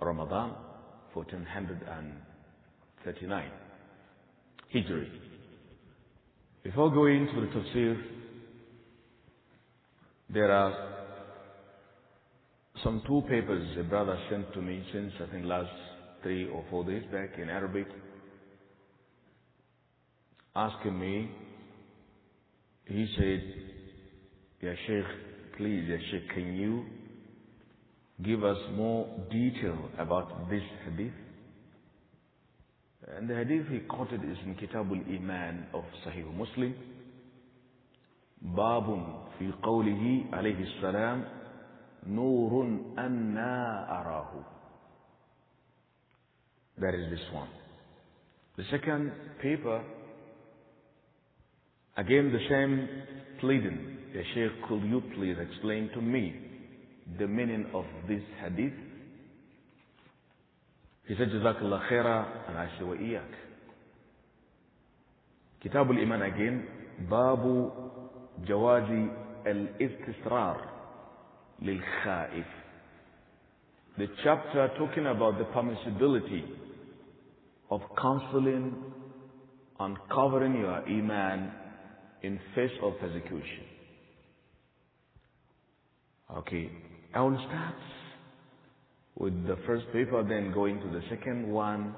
Ramadan 1439 Hijri. Before going to the tafsir, there are some two papers a brother sent to me since I think last three or four days back in Arabic, asking me, he said, Ya Sheikh, please, Ya Sheikh, can you give us more detail about this hadith? And the hadith he quoted is in Kitabul Iman of Sahih Muslim. باب في قوله عليه السلام نور أنا أراه That is this one. The second paper, again the same pleading. Ya Shaykh, could you please explain to me the meaning of this hadith? He said, Jazakallah khaira and I wa iyak. Kitab al-Iman again, Babu Jawazi al-Istisrar lil-Khaif. The chapter talking about the permissibility of counseling and covering your Iman in face of persecution. Okay, I'll start with the first paper, then going to the second one,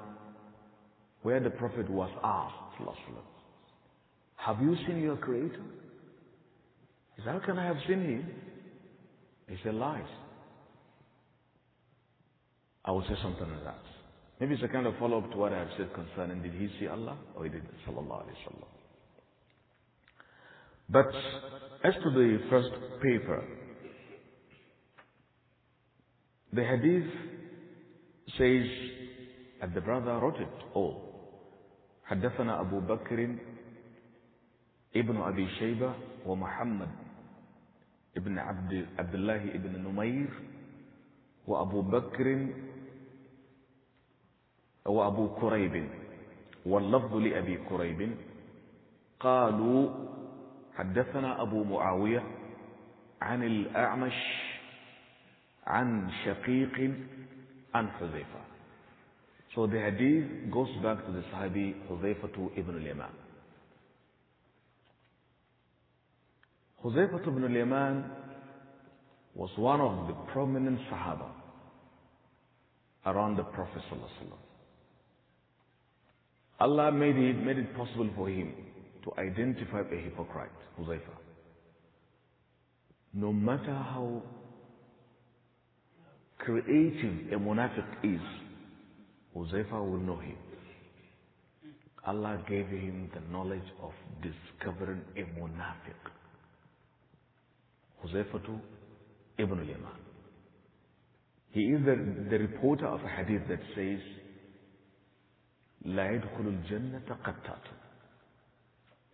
where the Prophet was asked, Have you seen your Creator? He said, How can I have seen Him? He said, Lies. I will say something like that. Maybe it's a kind of follow up to what I have said concerning did he see Allah or he didn't? Sallallahu Alaihi Wasallam. But as to the first paper, The hadith says that the brother wrote it all. حدثنا أبو بكر ابن أبي شيبة ومحمد ابن عبد, عبد الله ابن نمير وأبو بكر وأبو كريب واللفظ لأبي كريب قالوا حدثنا أبو معاوية عن الأعمش عن شقيق عن حذيفة so the hadith goes back to the Sahabi Huzaifatu ibn al-Yaman. ibn al-Yaman was one of the prominent Sahaba around the Prophet Allah made it, made it possible for him to identify a hypocrite, Huzaifa. No matter how creative a munafiq is, Uzaifa will know him. Allah gave him the knowledge of discovering a munafiq. Huzaifatu ibn al-Yaman. He is the, the reporter of a hadith that says, لا يدخل الجنة قتات.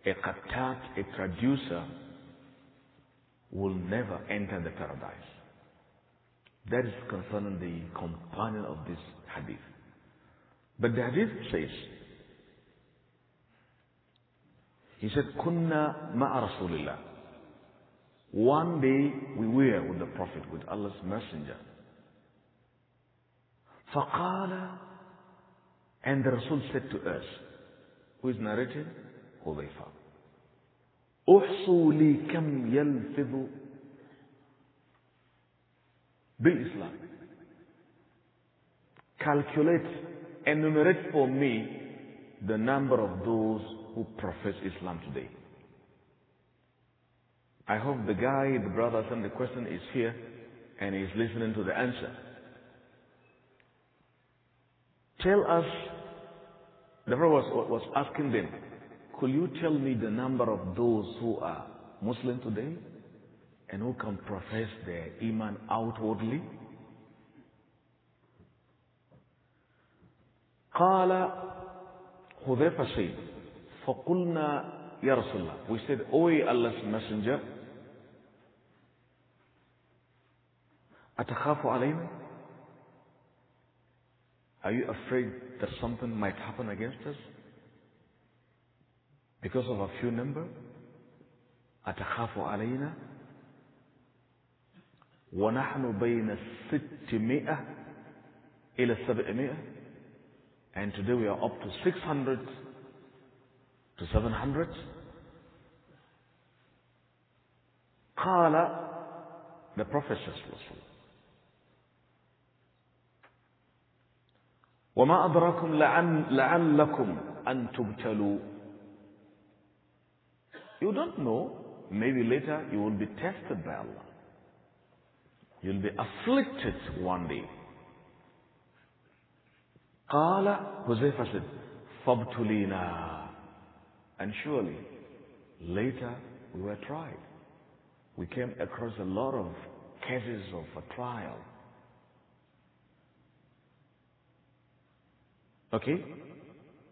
A qattat, a traducer, will never enter the paradise. That is concerning the companion of this hadith. But the hadith says, he said, Kunna ma'a Rasulillah. One day we were with the Prophet, with Allah's Messenger. فَقَالَ And the Rasul said to us, who is narrated? Hudayfa. أُحْصُوا لِي كَمْ يَلْفِظُ Islam. Calculate, enumerate for me the number of those who profess Islam today. I hope the guy, the brother sent the question is here and is listening to the answer. Tell us, the Prophet was, was asking them, could you tell me the number of those who are Muslim today? and who can profess their iman outwardly? قال حذيفة said فقلنا يا رسول الله we said O Allah's messenger أتخاف علينا are you afraid that something might happen against us because of a few number أتخاف علينا ونحن بين الستمائة إلى السبعمائة and today we are up to 600 to 700 قال the Prophet وما أدراكم لعن لعلكم أن تبتلوا You don't know, maybe later you will be tested by Allah. You'll be afflicted one day. Qala, Huzaifa said, Fabtulina. And surely, later we were tried. We came across a lot of cases of a trial. Okay?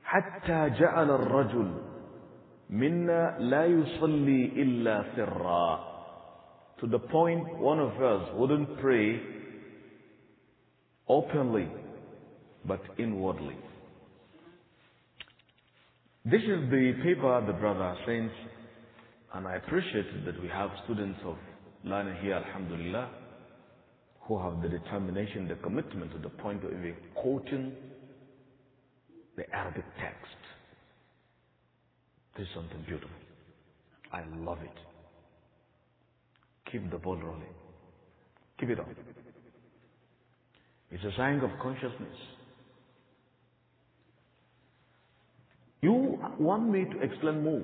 حتى جعل الرجل منا لا يصلي إلا سرًّا to the point one of us wouldn't pray openly, but inwardly. This is the paper the brother sent, and I appreciate that we have students of learning here, alhamdulillah, who have the determination, the commitment to the point of even quoting the Arabic text. This is something beautiful. I love it. Keep the ball rolling. Keep it up. It's a sign of consciousness. You want me to explain more.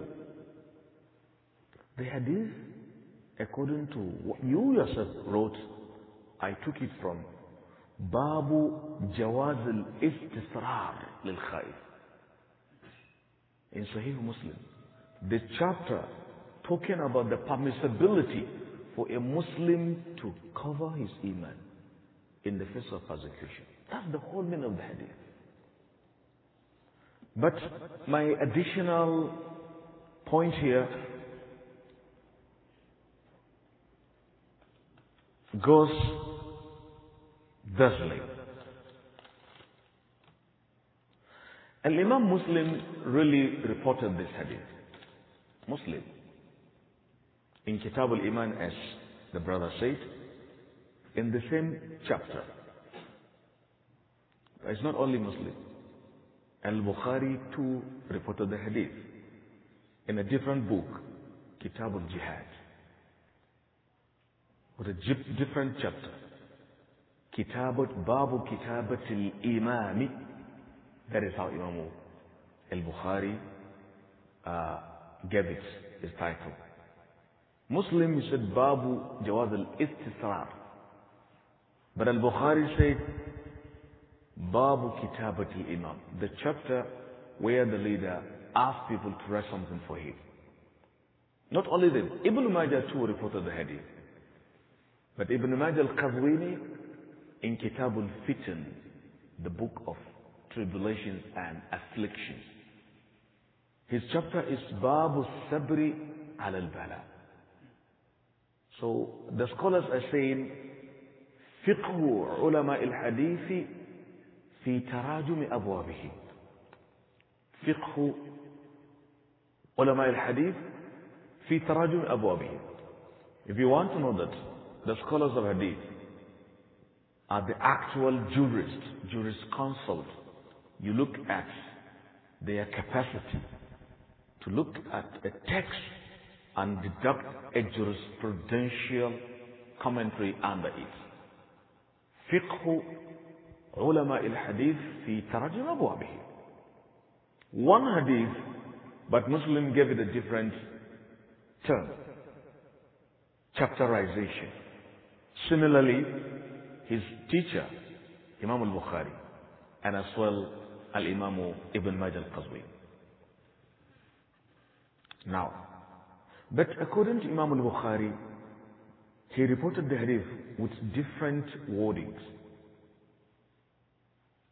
The hadith, according to what you yourself wrote, I took it from Babu Jawaz al-Istisrar lil Khayf in Sahih Muslim. The chapter talking about the permissibility for a Muslim to cover his iman in the face of persecution. That's the whole meaning of the hadith. But my additional point here goes thusly. An Imam Muslim really reported this hadith. Muslim in Kitab al-Iman as the brother said, in the same chapter. It's not only Muslim. Al-Bukhari too reported the hadith in a different book, Kitab al-Jihad, with a different chapter. Kitabat Babu Kitabat al-Imami. That is how Imam al-Bukhari uh, gave it, his title. Muslim said Babu Jawaz al-Istisrar. But al-Bukhari said Babu Kitabat imam The chapter where the leader asked people to write something for him. Not only them, Ibn Majah too reported the hadith. But Ibn Majah al-Qazwini in Kitab al-Fitan, the book of tribulations and afflictions. His chapter is Babu Sabri al-Bala. So the scholars are saying, فقه علماء الحديث في تراجم أبوابه فقه علماء الحديث في تراجم أبوابه If you want to know that, the scholars of hadith are the actual jurists, jurisconsult. You look at their capacity to look at a text and deduct a jurisprudential commentary under it. فقه علماء الحديث في تراجم أبوابه. One hadith, but Muslim gave it a different term. Chapterization. Similarly, his teacher, Imam al-Bukhari, and as well al-Imam Ibn Majal al-Qazwi. Now, but according to Imam al-Bukhari, he reported the hadith with different wordings.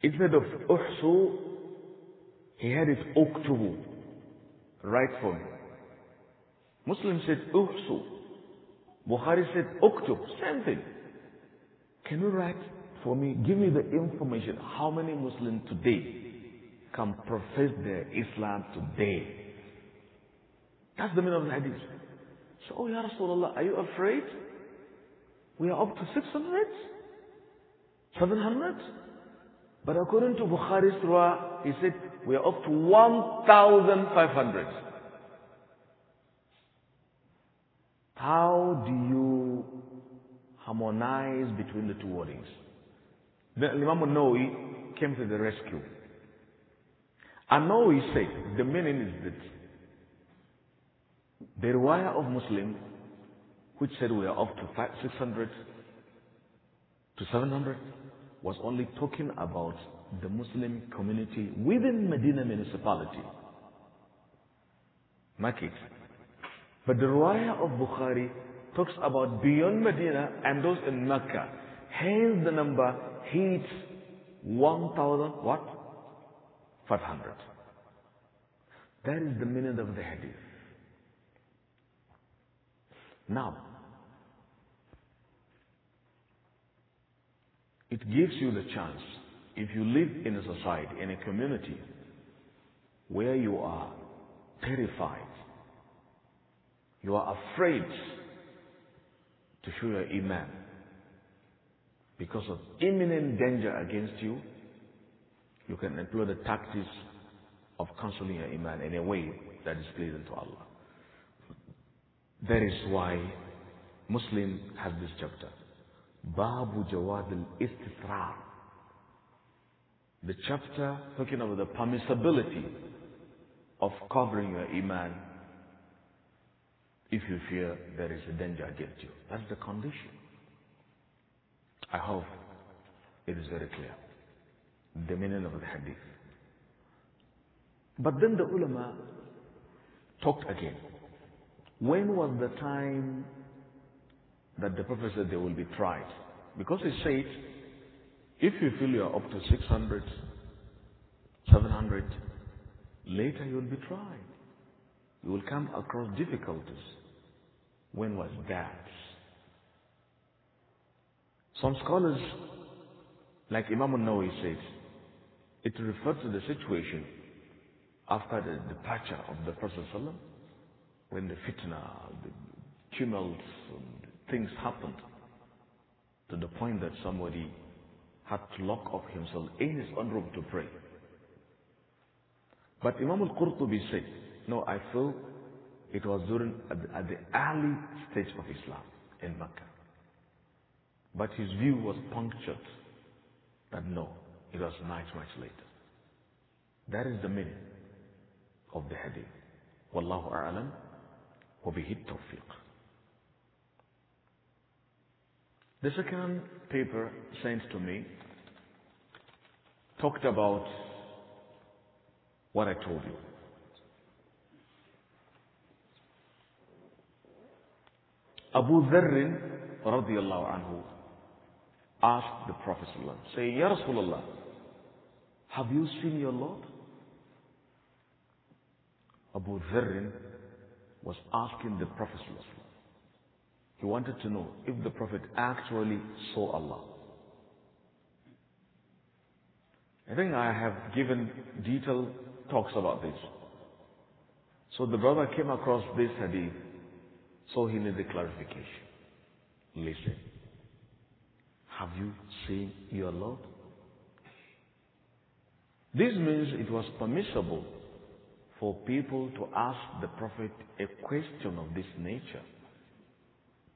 Instead of uhsu, he had it uktubu, right him. Muslim said uhsu. Bukhari said uktub, same thing. Can you write for me, give me the information, how many Muslims today can profess their Islam today? That's the meaning of the hadith. So, oh Ya Rasulullah, are you afraid? We are up to 600? 700? But according to Bukhari's Surah, he said, we are up to 1,500. How do you harmonize between the two warnings? The Imam Nawawi came to the rescue. And Nawawi said, the meaning is that the riwayah of Muslim, which said we are up to 600 to 700, was only talking about the Muslim community within Medina municipality. Market. But the riwayah of Bukhari talks about beyond Medina and those in Mecca. Hence the number hits 1,000 what? 500. That is the meaning of the hadith. Now, it gives you the chance, if you live in a society, in a community, where you are terrified, you are afraid to show your iman because of imminent danger against you, you can employ the tactics of counseling your iman in a way that is pleasing to Allah. That is why Muslim has this chapter. Babu Jawad al-Istithrar. The chapter talking about the permissibility of covering your iman if you fear there is a danger against you. That's the condition. I hope it is very clear. The meaning of the hadith. But then the ulama talked again. When was the time that the Prophet said they will be tried? Because he said, if you feel you are up to 600, 700, later you will be tried. You will come across difficulties. When was that? Some scholars, like Imam al-Nawawi said, it refers to the situation after the departure of the Prophet sallallahu when the fitna, the tumults, things happened to the point that somebody had to lock up himself in his own room to pray. But Imam al-Qurtubi said, no, I feel it was during, at the, at the early stage of Islam in Mecca. But his view was punctured that no, it was much, much later. That is the meaning of the hadith. Wallahu a'lam. وبه التوفيق The second paper sent to me talked about what I told you. Abu Dharr radiallahu anhu asked the Prophet saying, Ya Rasulullah, have you seen your Lord? Abu Dharr was asking the Prophet. He wanted to know if the Prophet actually saw Allah. I think I have given detailed talks about this. So the brother came across this hadith, so he needed clarification. Listen, have you seen your Lord? This means it was permissible for people to ask the Prophet a question of this nature.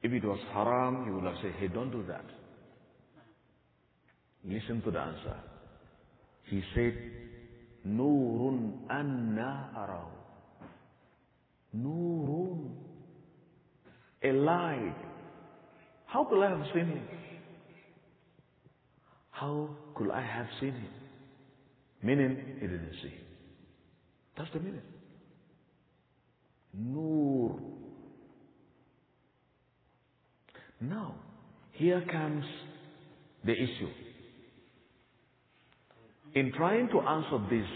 If it was haram, he would have said, hey, don't do that. Listen to the answer. He said, Nurun anna no Nurun. A light. How could I have seen him? How could I have seen him? Meaning, he didn't see him. That's the meaning. Nur. Now, here comes the issue. In trying to answer this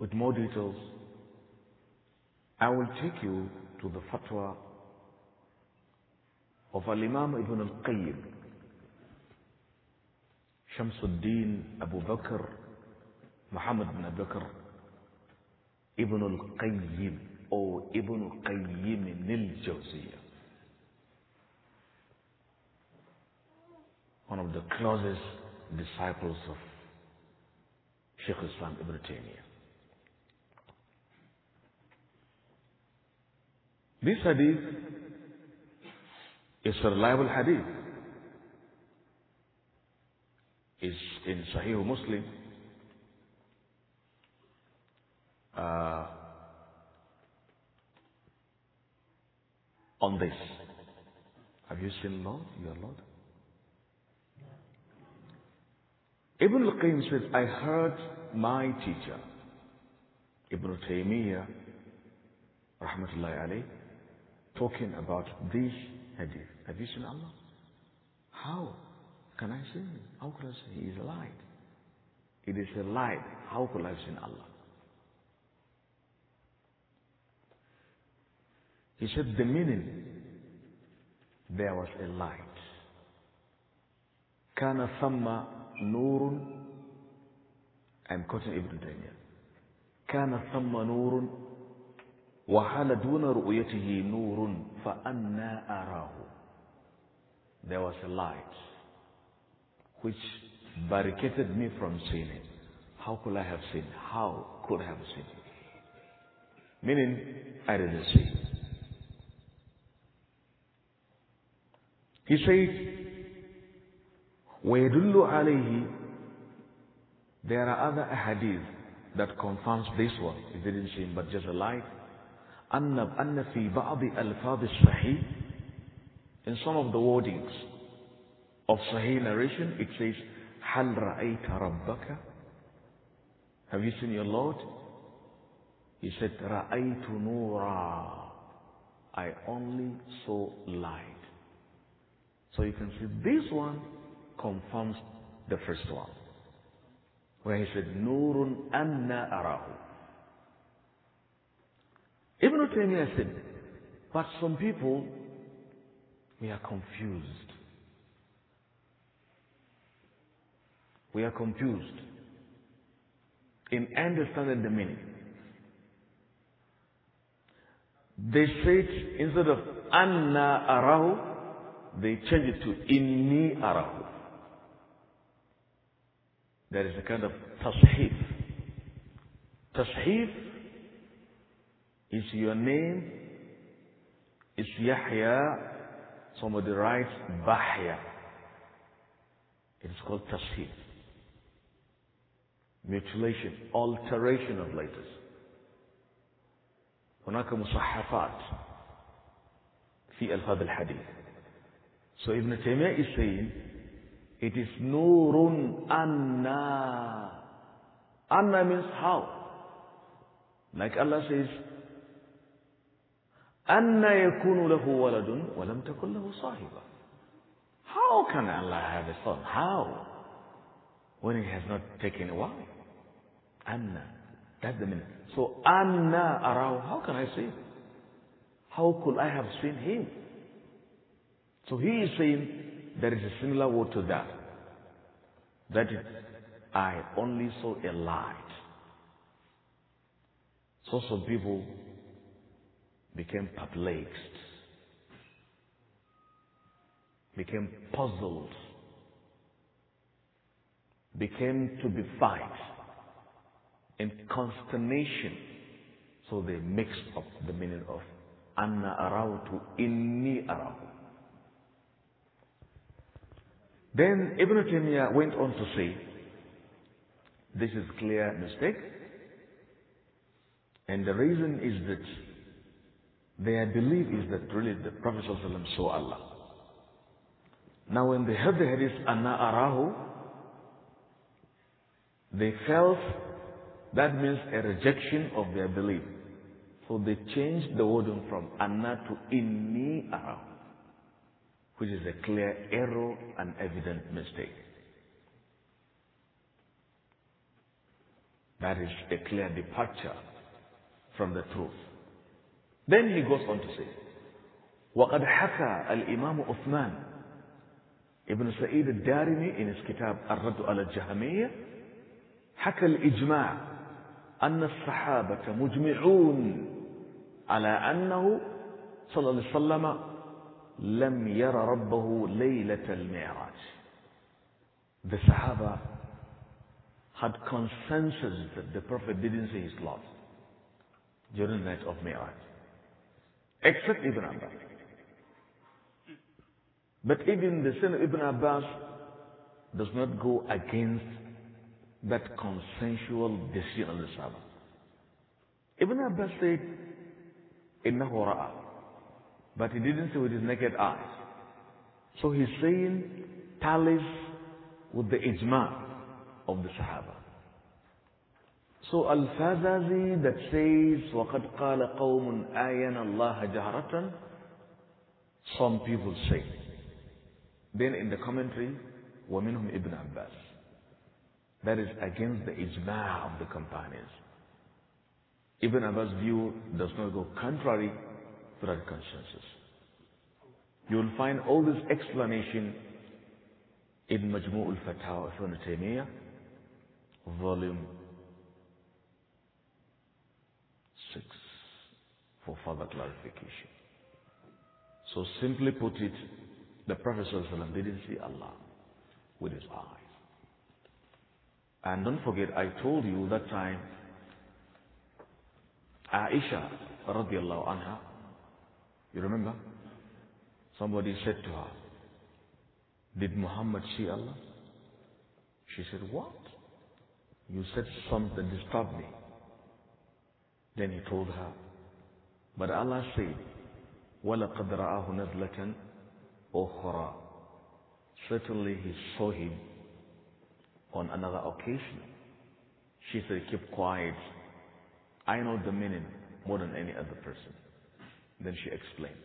with more details, I will take you to the fatwa of Al-Imam Ibn Al-Qayyim, Shamsuddin Abu Bakr Muhammad ibn Abu Bakr Ibn al-Qayyim or Ibn al-Qayyim al-Jawziyah. One of the closest disciples of Sheikh Islam Ibn Taymiyyah. This hadith is a reliable hadith. It's in Sahih Muslim. uh, on this. Have you seen Lord, your Lord? Ibn al-Qayyim says, I heard my teacher, Ibn Taymiyyah, rahmatullahi alayhi, talking about this hadith. Have you seen Allah? How can I see him? How could I see him? He is a light. It is a light. How could I see Allah? He said, the meaning, there was a light. كان ثم نور I'm quoting Ibn Taymiyyah. كان ثم نور وحال دون رؤيته نور فأنا أراه There was a light which barricaded me from seeing it. How could I have seen? How could I have seen? Meaning, I didn't see. He says, وَيَدُلُّ عَلَيْهِ There are other hadiths that confirms this one. It didn't seem but just a light. أن أن في بعض ألفاظ in some of the wordings of Sahih narration it says هل رأيت ربك have you seen your Lord he said رأيت نورا I only saw light so you can see this one confirms the first one. Where he said, Nurun anna arahu. Ibn Taymiyyah said, but some people, we are confused. We are confused in understanding the meaning. They said instead of anna arahu, they change it to inni arahu. There is a kind of tashif. Tashif is your name, is Yahya, somebody writes Bahya. It is called tashif. Mutilation, alteration of letters. هناك مصحفات في ألفاظ الحديث so Ibn Taymiyyah is saying, it is nurun anna. Anna means how. Like Allah says, أن يكون له waladun walam تكن له How can Allah have a son? How? When he has not taken a wife. Anna. That's the meaning. So, Anna Arau. How can I see? How could I have seen him? So he is saying there is a similar word to that. That is, I only saw a light. So some people became perplexed, became puzzled, became to be fight in consternation. So they mixed up the meaning of Anna Arautu, Inni Arautu. Then Ibn Taymiyyah went on to say, this is clear mistake. And the reason is that their belief is that really the Prophet saw Allah. Now when they heard the hadith, Anna Arahu, they felt that means a rejection of their belief. So they changed the wording from Anna to Inni Arahu. which is a clear error and evident mistake. That is a clear departure from the truth. Then he goes on to say, وقد حكى الإمام أُثْمَانِ ابن سعيد الدارمي in his كتاب الرد على الجهمية حكى الإجماع أن الصحابة مجمعون على أنه صلى الله عليه وسلم لم ير ربه ليلة المعراج. The Sahaba had consensus that the Prophet didn't see his Lord during the night of Mi'raj. Except Ibn Abbas. But even the son of Ibn Abbas does not go against that consensual decision of the Sahaba. Ibn Abbas said, إنه رأى but he didn't see with his naked eyes. So he's saying tallies with the ijma of the Sahaba. So Al-Fazazi that says, وَقَدْ قَالَ قَوْمٌ آيَنَ اللَّهَ جَهْرَةً Some people say. Then in the commentary, وَمِنْهُمْ Ibn Abbas. That is against the ijma of the companions. Ibn Abbas' view does not go contrary blood consciousness. You will find all this explanation in Majmuul al-Fatawa Ibn Taymiyyah, volume 6, for further clarification. So simply put it, the Prophet didn't see Allah with his eyes. And don't forget, I told you that time, Aisha radiallahu anha, you remember? Somebody said to her, Did Muhammad see Allah? She said, What? You said something disturbed me. Then he told her, But Allah said, وَلَقَدْ رَآهُ نَزْلَةً أُخْرَى Certainly he saw him on another occasion. She said, keep quiet. I know the meaning more than any other person. Then she explained.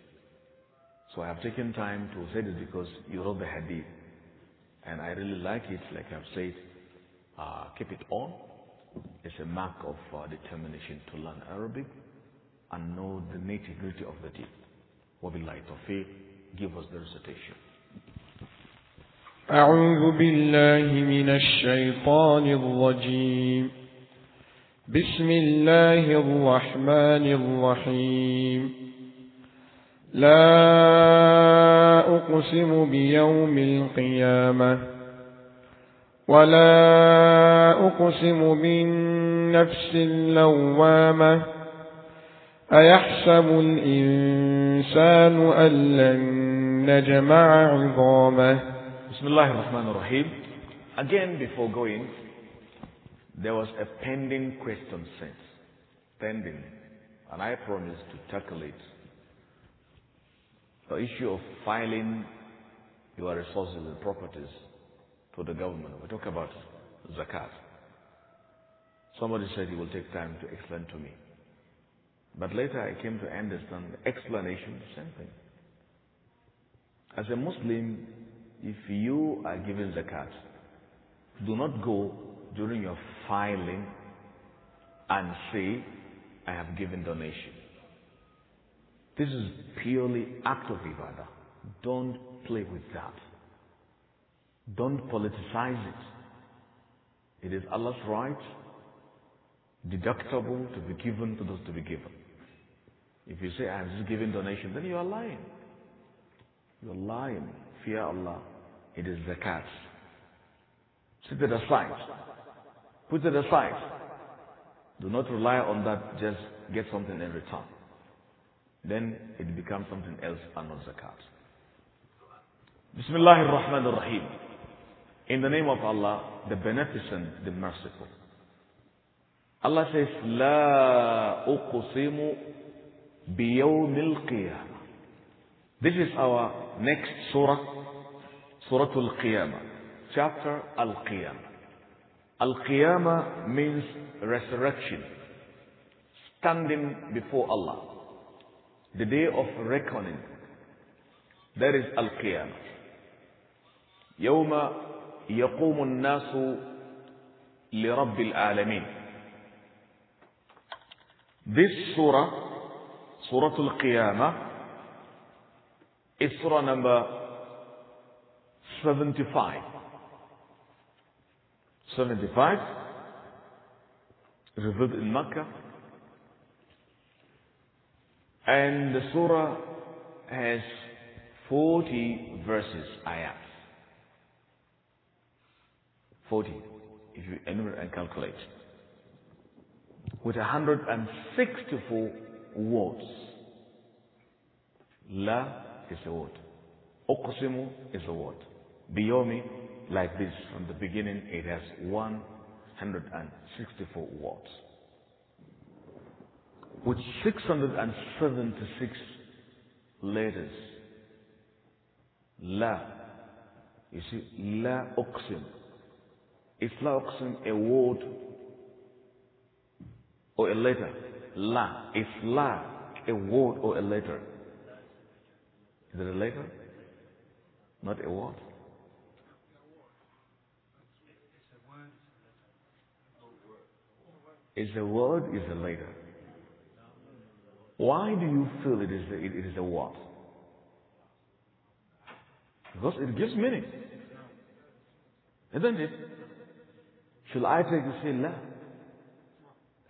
So I have taken time to say this because you wrote the hadith. And I really like it, like I've said, uh, keep it on. It's a mark of uh, determination to learn Arabic and know the nitty gritty of the deed. Wabillahi tawfiq, give us the recitation. أعوذ بالله من الشيطان الرجيم بسم الله الرحمن الرحيم لا أقسم بيوم القيامة ولا أقسم بالنفس اللوامة أيحسب الإنسان أن لن نجمع عظامه بسم الله الرحمن الرحيم Again before going there was a pending question sent pending and I promised to tackle it The issue of filing your resources and properties to the government. We talk about zakat. Somebody said he will take time to explain to me. But later I came to understand the explanation, same thing. As a Muslim, if you are giving zakat, do not go during your filing and say, I have given donation. This is purely act of ibadah. Don't play with that. Don't politicize it. It is Allah's right, deductible to be given to those to be given. If you say, I'm just giving donation, then you are lying. You are lying. Fear Allah. It is zakat. Sit it aside. Put it aside. Do not rely on that, just get something in return then it becomes something else and not zakat. Bismillah ar-Rahman ar-Rahim. In the name of Allah, the Beneficent, the Merciful. Allah says, لا أقسم بيوم القيامة. This is our next surah, Surah Al-Qiyamah, chapter Al-Qiyamah. Al-Qiyamah means resurrection, standing before Allah. the day of reckoning. That is Al-Qiyamah. يوم يقوم الناس لرب العالمين. This surah, Surah Al-Qiyamah, is surah number 75. 75, revealed in Makkah. And the surah has 40 verses, ayat. 40, if you enumerate and calculate. With 164 words. La is a word. Oqsimu is a word. Biyomi, like this, from the beginning, it has 164 words with 676 letters. La. You see, La Oxim. Is La Oxim a word or a letter? La. Is La a word or a letter? Is it a letter? Not a word? Is a word, is a letter. Why do you feel it is a, it is a what? Because it gives meaning. Isn't it? Shall I take the say la?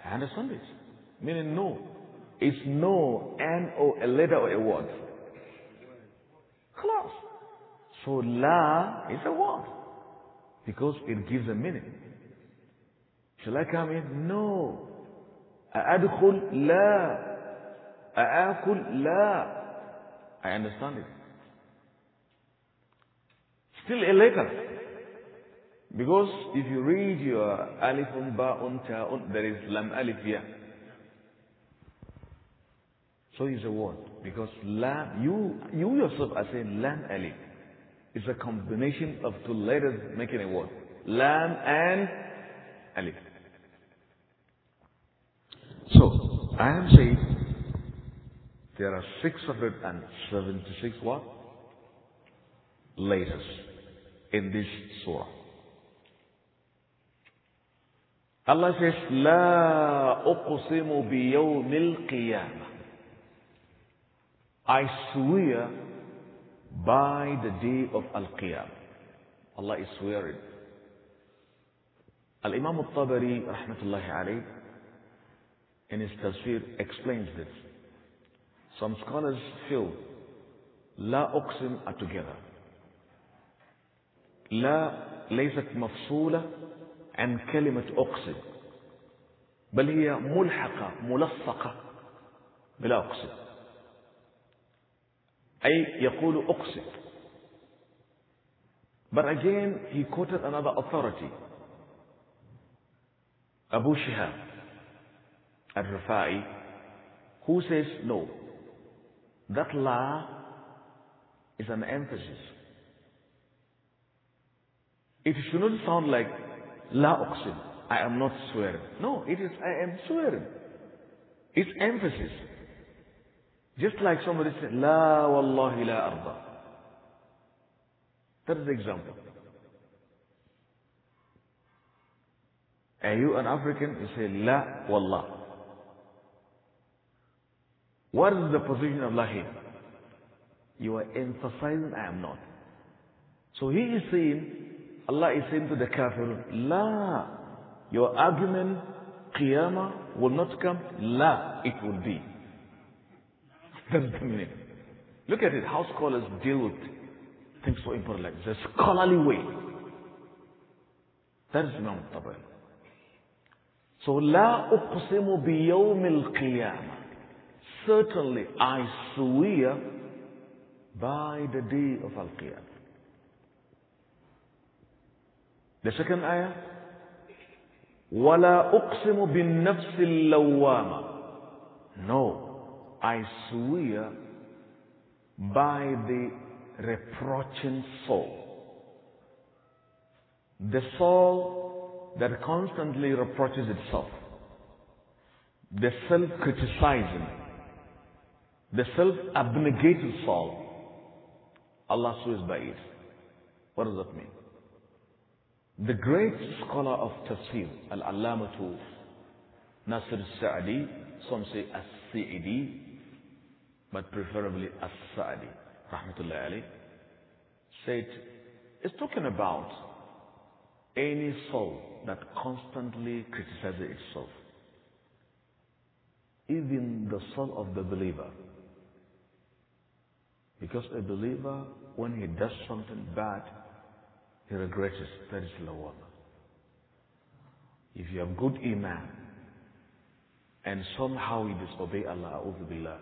I understand it. Meaning no. It's no, and or a letter or a word. Close. So la is a word. Because it gives a meaning. Shall I come in? No. adhul la. أآكل لا I understand it. Still a letter. Because if you read your alifun, ba'un, ta'un, there is lam alif ya. So it's a word. Because lam, you, you yourself are saying lam alif. It's a combination of two letters making a word. Lam and alif. So, I am saying there are 676 what? Layers in this surah. Allah says, لا أقسم بيوم القيامة. I swear by the day of Al-Qiyam. Allah is swearing. Al-Imam al-Tabari, rahmatullahi alayhi, in his tafsir, explains this. Some scholars feel لا أقسم are together. لا ليست مفصولة عن كلمة أقسم بل هي ملحقة ملصقة بلا أقسم أي يقول أقسم But again he quoted another authority Abu Shihab al-Rafai who says no That la is an emphasis. It should not sound like la oxid. I am not swearing. No, it is I am swearing. It's emphasis. Just like somebody said, La wallahi la arda. That is the example. Are you an African? You say, La wallah. What is the position of Allah You are emphasizing I am not. So he is saying, Allah is saying to the kafir, La, your argument, Qiyamah will not come, La, it will be. That's the meaning. Look at it, how scholars deal with things so important like this. The scholarly way. That is Imam Tabari. So, لا أقسم بيوم القيامة Certainly I swear by the day of Al-Qiyamah. The second ayah, وَلَا أُقْسِمُ بِالنَّفْسِ اللَّوَّامَةِ No, I swear by the reproaching soul. The soul that constantly reproaches itself. The self-criticizing the self-abnegated soul. Allah swears by it. What does that mean? The great scholar of tafsir, Al-Allamatu Nasir saadi some say as saidi but preferably as saadi Rahmatullahi alayh, said, it's talking about any soul that constantly criticizes itself. Even the soul of the believer because a believer, when he does something bad, he regrets it. That is lawama. If you have good iman, and somehow you disobey Allah, billah,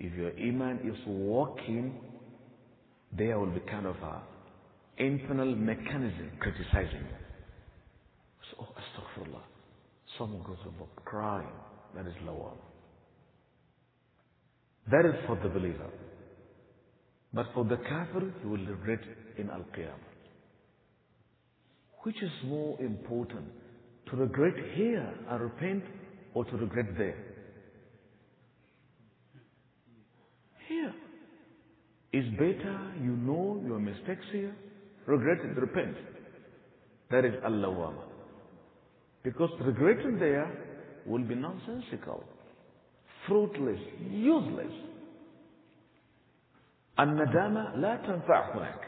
if your iman is walking, there will be kind of a internal mechanism criticizing you. So, oh, astaghfirullah. Someone goes about crying. That is lawama. That is for the believer. But for the kafir, he will regret in Al-Qiyamah. Which is more important? To regret here and repent or to regret there? Here is better you know your mistakes here, regret and repent. That is Allawama. Because regretting there will be nonsensical, fruitless, useless. الندامة لا تنفع هناك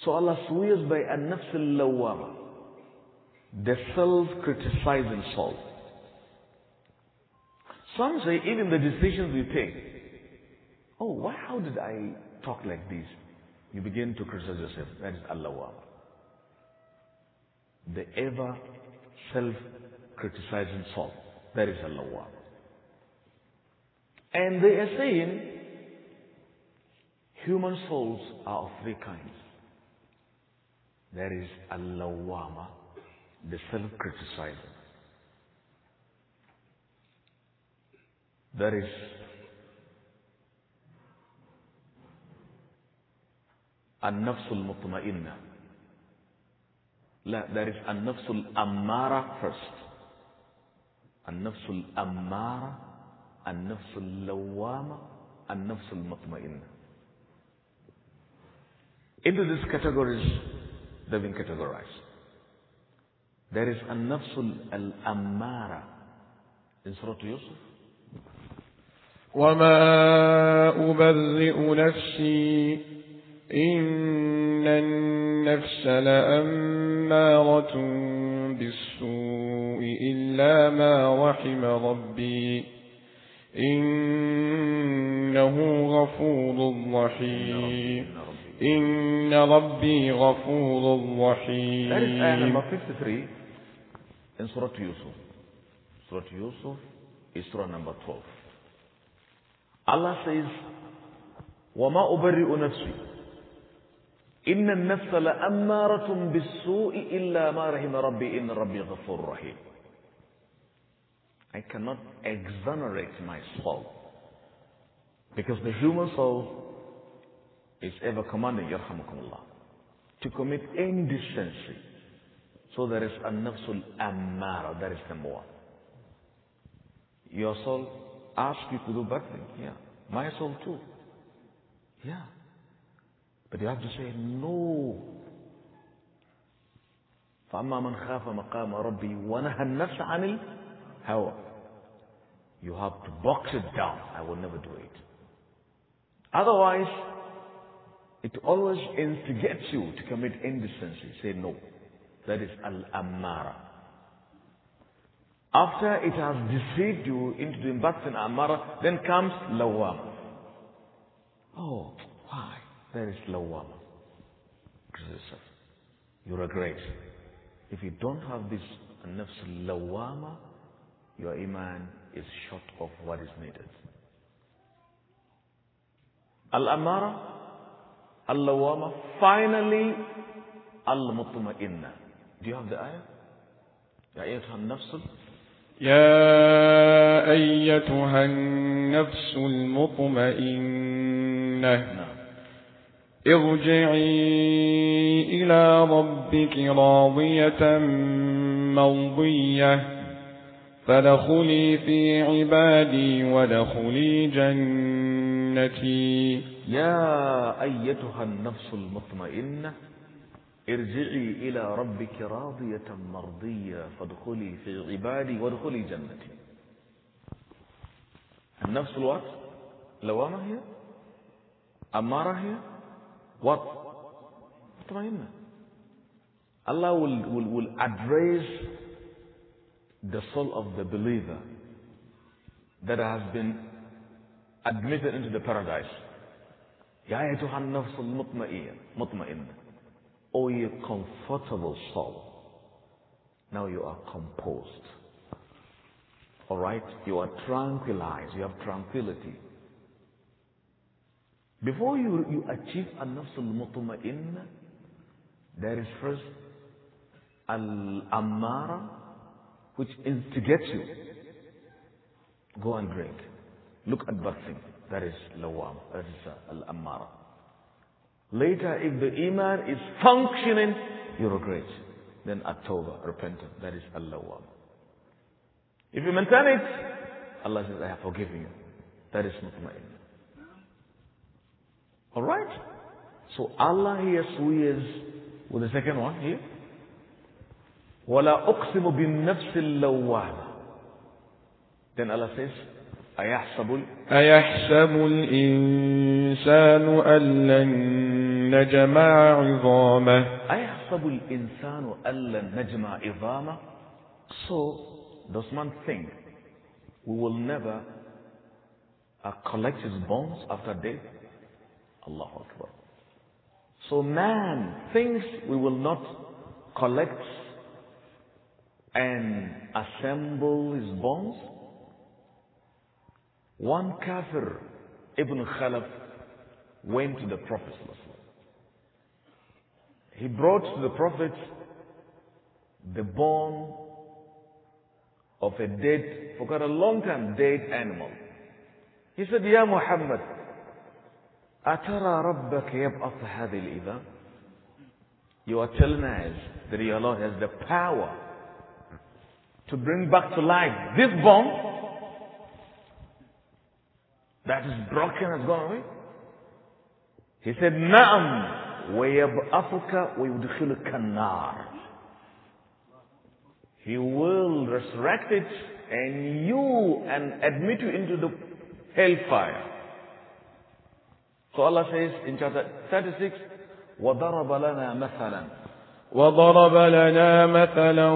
So Allah swears by النفس اللوامة the self-criticizing soul. Some say even the decisions we take, oh, why, how did I talk like this? You begin to criticize yourself. That is Allah. The ever self-criticizing soul. That is Allah. And they are saying, human souls are of three kinds. There is is lawama, the self-criticizer. There is a nafsul mutmainna. There is a nafsul ammara first. A nafsul ammara, a nafsul lawama, a nafsul mutmainna. Into these categories, they've been categorized. There is an nafsul al-ammara in Surah Yusuf. وما أبرئ نفسي إن النفس لأمارة بالسوء إلا ما رحم ربي إنه غفور رحيم إن ربي غفور رحيم الآن number 53 in Surah Yusuf Surah Yusuf is سورة نمبر 12 الله says وما أبرئ نفسي إن النفس لأمارة بالسوء إلا ما رحم ربي إن ربي غفور رحيم I cannot exonerate my soul because the human soul is ever commanding, Yarhamukumullah, to commit indecency. So there is a nafsul ammara, that is number one. Your soul asks you to do bad things, yeah. My soul too, yeah. But you have to say no. فأما من خاف مقام ربي ونهى النفس عن الهوى You have to box it down. I will never do it. Otherwise, it always instigates you to commit indecency. Say no. That is al-amara. After it has deceived you into doing bad in al-amara, then comes lawama. Oh, why? There is lawama. You regret. If you don't have this nafs lawama, your iman is short of what is needed. Al-amara اللوامة finally المطمئنة Do you have the ayah? يا أيتها النفس يا أيتها النفس المطمئنة نعم. ارجعي إلى ربك راضية مرضية فدخلي في عبادي ودخلي جنتي يا أيتها النفس المطمئنة ارجعي إلى ربك راضية مرضية فادخلي في عبادي وادخلي جنتي النفس الوات لوامة هي أمارة هي what مطمئنة Allah will, will, will address the soul of the believer that has been admitted into the paradise يا أيتها النفس you comfortable soul Now you are composed Alright You are tranquilized You have tranquility Before you, you achieve al المطمئنة There is first amara, Which instigates you Go and drink Look at thing. That is lawam, that is uh, al-ammara. Later, if the iman is functioning, you regret. Then at-tawbah, repentance, that is al-lawam. If you maintain it, Allah says, I have forgiven you. That is mutma'in. Alright? So Allah here swears with the second one here. وَلَا أُقْسِمُ بِالنَّفْسِ اللَّوَّامَةِ Then Allah says, أيحسب أيحسب الإنسان أن لن نجمع عظامه أيحسب الإنسان أن لن نجمع عظامه So does man think we will never uh, collect his bones after death? Allah Akbar. So man thinks we will not collect and assemble his bones One kafir, Ibn Khalaf, went to the Prophet. He brought to the Prophet the bone of a dead, for quite a long time, dead animal. He said, Ya Muhammad, أترى ربك يبعث هذه الإذى You are telling us that your Lord has the power to bring back to life this bone." that is broken has gone away. He said, Naam, وَيَبْأَفُكَ a النَّارِ He will resurrect it and you and admit you into the hellfire. So Allah says in chapter 36, وَضَرَبَ لَنَا مَثَلًا وضرب لنا مثلا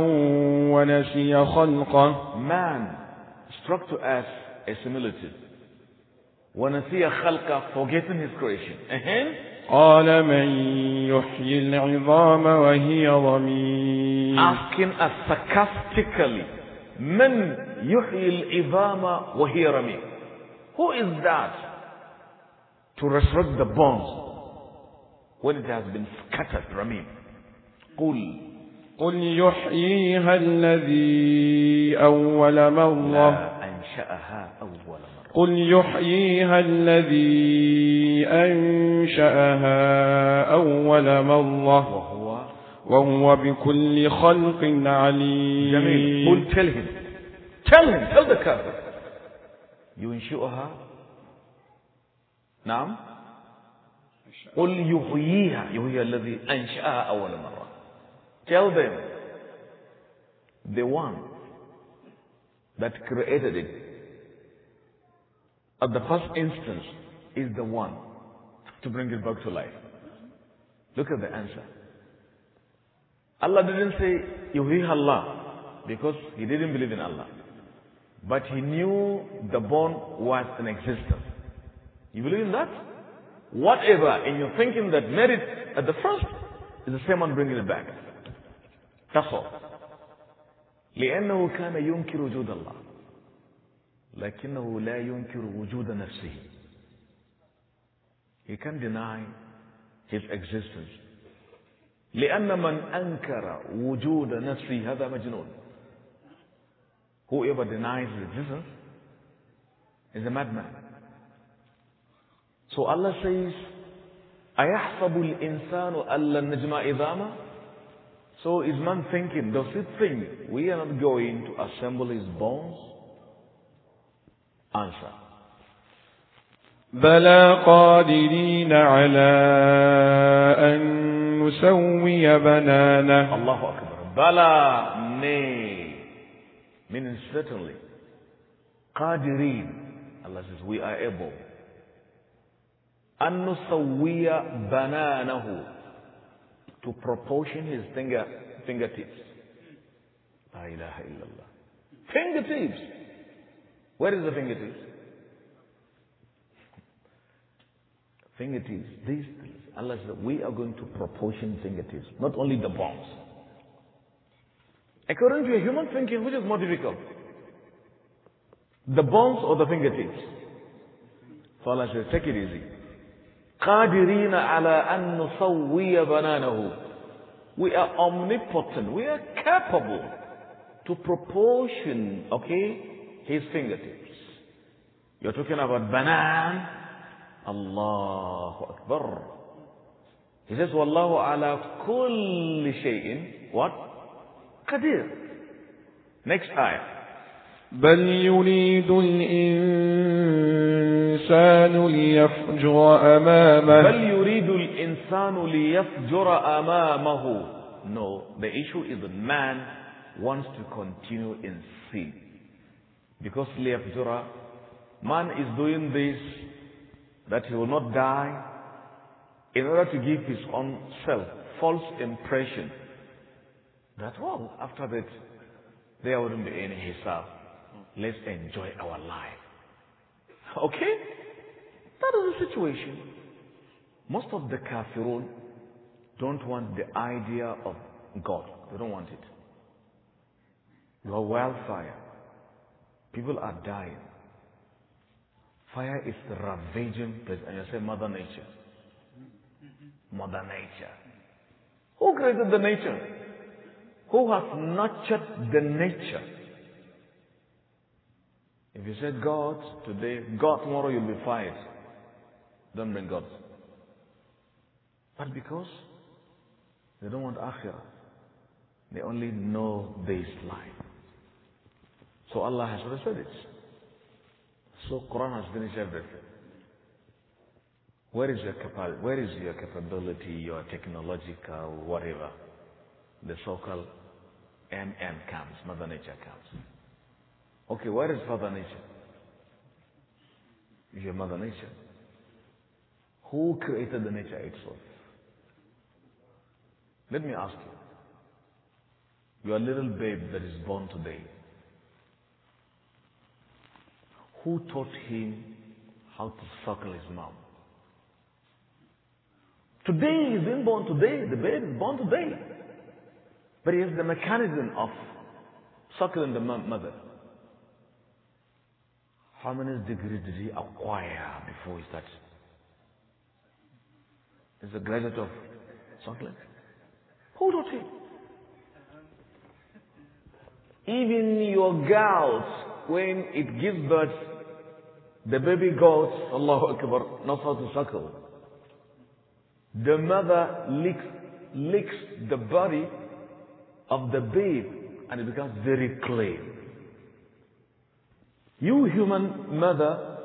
ونسي خلقه Man struck to us a similitude ونسي خلقه forgetting his creation قال من يحيي العظام وهي رميم asking us sarcastically من يحيي العظام وهي رميم who is that to resurrect the bones when it has been scattered رميم قل قل يحييها الذي أول مرة أنشأها أول مرة قل يحييها الذي أنشأها أول مرة وهو وهو بكل خلق عليم جميل قل tell him tell him tell the kafir ينشئها نعم قل يحييها يحيي الذي أنشأها أول مرة tell them the one that created it at the first instance is the one to bring it back to life. Look at the answer. Allah didn't say, Yuhih Allah, because he didn't believe in Allah. But he knew the bone was in existence. You believe in that? Whatever, in your thinking that merit at the first, is the same one bringing it back. That's all. لأنه كان ينكر وجود الله. لكنه لا ينكر وجود نفسه he can deny his existence لأن من أنكر وجود نفسه هذا مجنون whoever denies his existence is a madman so Allah says أيحسب الإنسان أن لن نجمع So is man thinking, does he think we are not going to assemble his bones? answer. بلى قادرين على أن نسوي بنانه الله أكبر بلى ني meaning certainly قادرين Allah says we are able أن نسوي بنانه to proportion his finger fingertips لا إله إلا الله fingertips Where is the fingertips? Fingertips, these things. Allah says, we are going to proportion fingertips, not only the bones. According to human thinking, which is more difficult? The bones or the fingertips? So Allah says, take it easy. قادرين على أن نسوي بنانه. We are omnipotent. We are capable to proportion, okay, his fingertips. You're talking about banan. Allahu Akbar. He says, Wallahu ala kulli shay'in. What? Qadir. Next ayah. بل يريد الإنسان ليفجر أمامه بل يريد الإنسان ليفجر أمامه No, the issue is that man wants to continue in sin. Because Liaptura, man is doing this that he will not die in order to give his own self false impression that, well, after that, there wouldn't be any hisab. Let's enjoy our life. Okay? That is the situation. Most of the kafirun don't want the idea of God. They don't want it. You are wildfire. People are dying. Fire is ravaging place. And you say, Mother Nature. Mother Nature. Who created the nature? Who has nurtured the nature? If you say God today, God tomorrow you'll be fired. Don't bring God. But because they don't want akhirah, they only know this life. So Allah has said it. So Quran has been everything. Where is your capa- where is your capability, your technological whatever? The so-called MN comes, Mother Nature comes. Okay, where is Father Nature? Your Mother Nature. Who created the nature itself? Let me ask you. Your little babe that is born today, who taught him how to suckle his mom. Today been born today, the baby is born today. But he has the mechanism of suckling the mother. How many degrees did he acquire before he started? Is a graduate of suckling? Who taught him? Even your girls, when it gives birth, the baby goat, Allahu Akbar, not for to suckle. The mother licks, licks the body of the babe and it becomes very clean. You human mother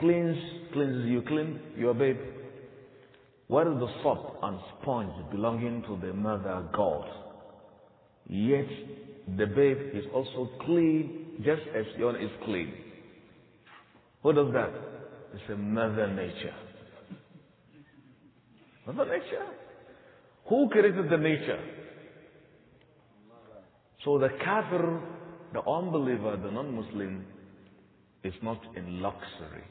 cleans, cleanses you, clean your babe. What is the soap and sponge belonging to the mother God? Yet the babe is also clean just as your is clean. Who does that? It's a mother nature. Mother nature? Who created the nature? So the kafir, the unbeliever, the non-Muslim is not in luxury.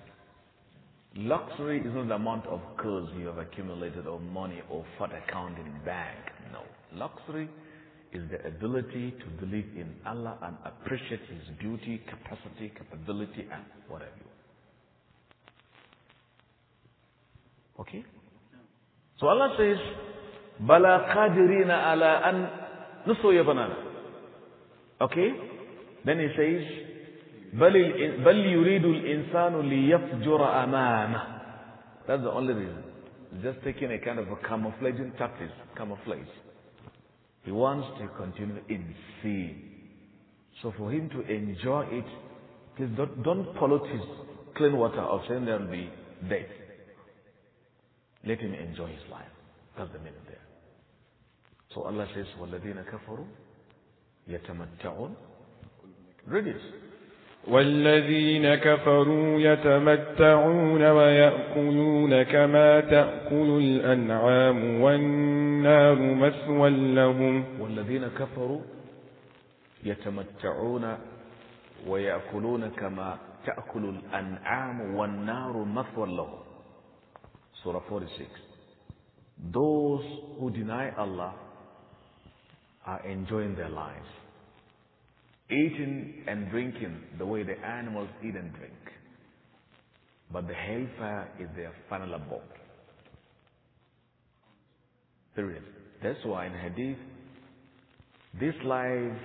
Luxury is not the amount of curls you have accumulated or money or fat account in bank. No. Luxury is the ability to believe in Allah and appreciate His beauty, capacity, capability and whatever you want. Okay? So Allah says, Bala qadirina ala an nusoyabana. Okay? Then he says, بل يريد الإنسان ليفجر أمامه. That's the only reason. Just taking a kind of a camouflaging tactics, camouflage. He wants to continue in sin. So for him to enjoy it, please don't, don't pollute his clean water Or saying there will be death. Let him enjoy his life. That's the meaning there. So Allah says, وَالَّذِينَ كَفَرُوا يَتَمَتَّعُونَ Read it. والذين كفروا يتمتعون ويأكلون كما تأكل الأنعام والنار مَثْوًا لهم والذين كفروا يتمتعون ويأكلون كما تأكل الأنعام والنار مَثْوًا لهم Surah 46. Those who deny Allah are enjoying their lives, eating and drinking the way the animals eat and drink. But the hellfire is their final abode. Period. That's why in Hadith, this life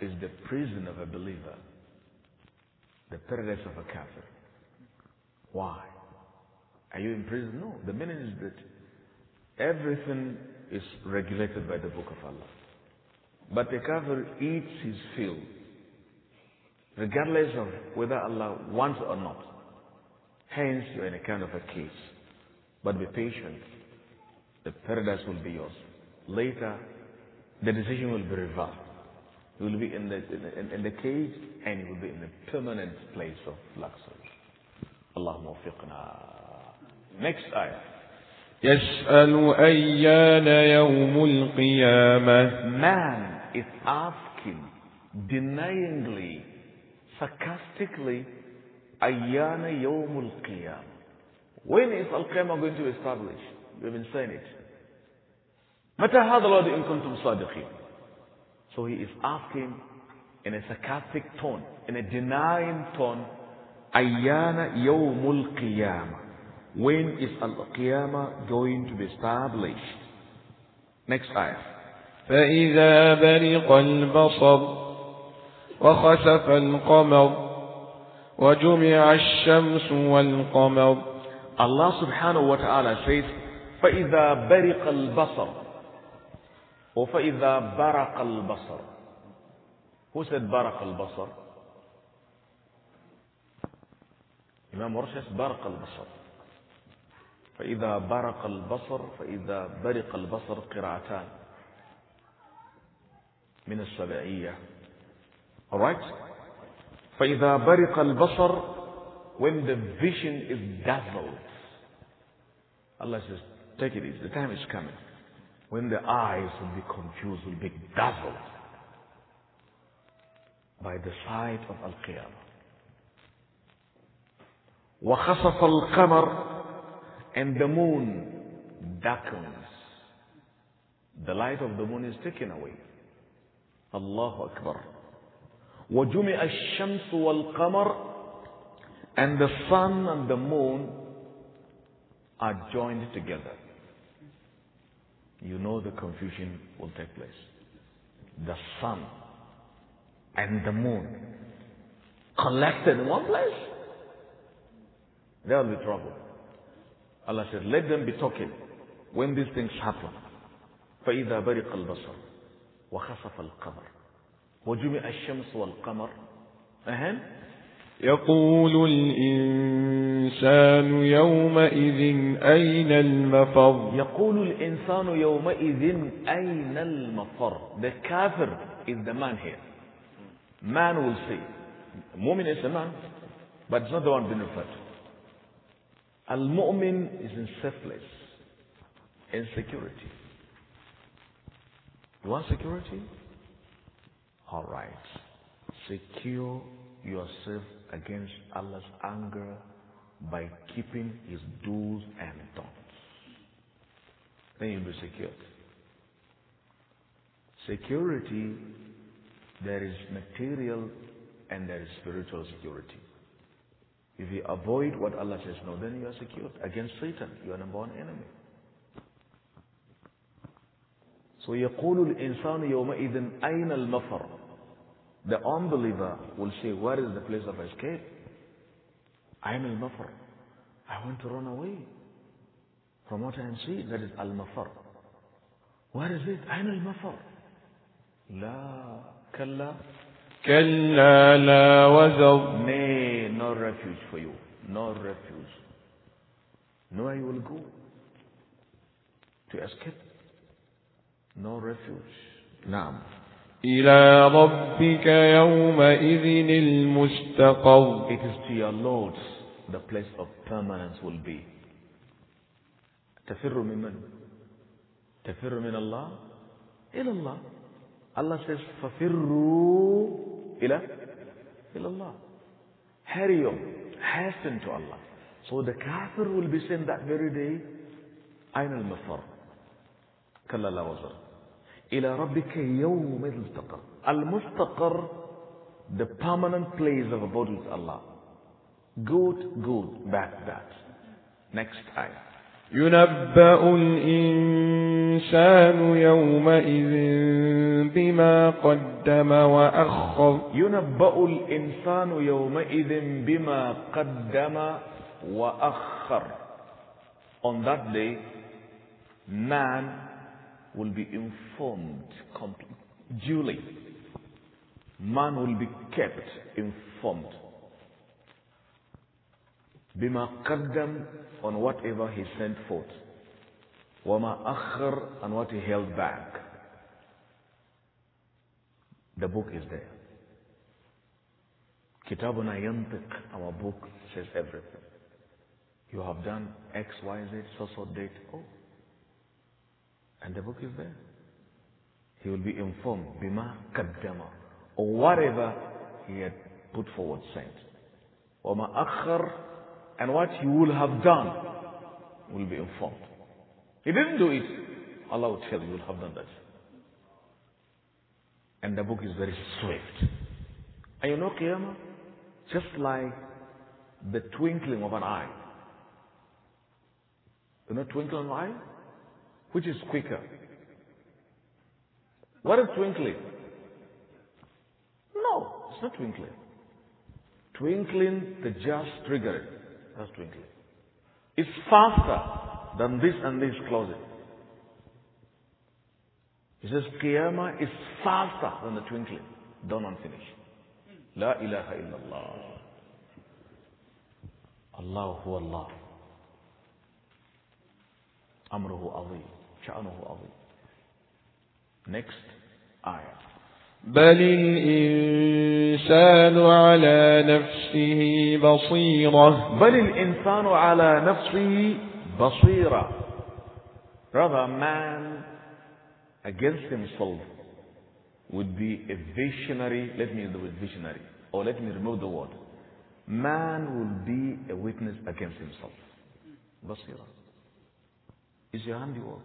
is the prison of a believer, the paradise of a kafir. Why? Are you in prison? No. The meaning is that everything is regulated by the book of Allah. But the kafir eats his fill, regardless of whether Allah wants or not. Hence, you're in a kind of a cage. But be patient. The paradise will be yours. Later, the decision will be reversed. You will be in the, in, in the cage and you will be in the permanent place of luxury. Allahumma fiqna. Next ayah. يَسْأَلُ أَيَّانَ يَوْمُ الْقِيَامَةِ Man is asking, denyingly, sarcastically, أَيَّانَ يَوْمُ الْقِيَامَةِ When is Al-Qiyamah going to establish? We've been saying it. مَتَى هَذَا الْوَدِ إِن كُنْتُمْ صَادِقِينَ So he is asking in a sarcastic tone, in a denying tone, أَيَّانَ يَوْمُ الْقِيَامَةِ When is Al-Qiyamah going to be established? Next ayah. فإذا برق البصر وخسف القمر وجمع الشمس والقمر Allah subhanahu wa ta'ala says فإذا برق البصر وفإذا برق البصر Who said برق البصر? Imam Warsh says برق البصر فإذا برق البصر فإذا برق البصر قراءتان من السبعية alright فإذا برق البصر when the vision is dazzled Allah says take it easy the time is coming when the eyes will be confused will be dazzled by the sight of Al-Qiyamah وخسف القمر and the moon darkens. The light of the moon is taken away. Allahu Akbar. وَجُمِعَ الشَّمْسُ وَالْقَمَرُ And the sun and the moon are joined together. You know the confusion will take place. The sun and the moon collected in one place. There will be trouble. Allah says, let them be talking when these things happen. فإذا برق البصر وَخَصَفَ القمر وجمع الشمس والقمر أهم يقول الإنسان يومئذ أين المفر يقول الإنسان يومئذ أين المفر The kafir is the man here Man will say Mumin is a man But it's not the one being referred to Al-mu'min is in surplus, in security. You want security? All right. Secure yourself against Allah's anger by keeping His do's and don'ts. Then you'll be secured. Security, there is material and there is spiritual security. If you avoid what Allah says no, then you are secured against Satan. You are number one enemy. So يقول الإنسان يومئذ أين المفر The unbeliever will say, where is the place of escape? I'm al-mafar. I want to run away from what I am seeing. That is al-mafar. Where is it? I'm al-mafar. لا كلا كلا لا وزر Nay, no refuge for you. No refuge. Nowhere you will go to escape. No refuge. نعم. إلى ربك يومئذ المستقر. It is to your Lord the place of permanence will be. تفر من من؟ تفر من الله إلى الله. Allah says ففروا إلى إلى الله Hurry up, hasten to Allah. So the kafir will be sent that very day. أين المفر؟ كلا لا وزر. إلى ربك يوم المستقر. المستقر the permanent place of abode with Allah. Good, good, bad, bad. Next time. ينبأ الإنسان الإنسان يومئذ بما قدم وأخر ينبأ الإنسان يومئذ بما قدم وأخر On that day, man will be informed duly. Man will be kept informed. Bima qaddam on whatever he sent forth. وَمَا أَخَّرْ and what he held back. The book is there. Kitabuna Yantik, our book says everything. You have done X, Y, Z, so so date. Oh. And the book is there. He will be informed, Bima Kaddama, or whatever he had put forward, sent. Wama akhar and what he will have done will be informed. He didn't do it. Allah would tell you, you would have done that. And the book is very swift. And you know Qiyamah? Just like the twinkling of an eye. You know twinkling of an eye? Which is quicker? What is twinkling? No, it's not twinkling. Twinkling, the just trigger it. That's twinkling. It's faster than this and this closet. He says, Qiyamah is faster than the twinkling, done and finished. La ilaha illallah. Allahu Allah. Amruhu azim. Sha'anuhu azim. Next ayah. بل الإنسان على نفسه بصيرة بل الإنسان على نفسه basira. Rather, man against himself would be a visionary. Let me use the word visionary, or let me remove the word. Man will be a witness against himself. Basira. Is your handiwork.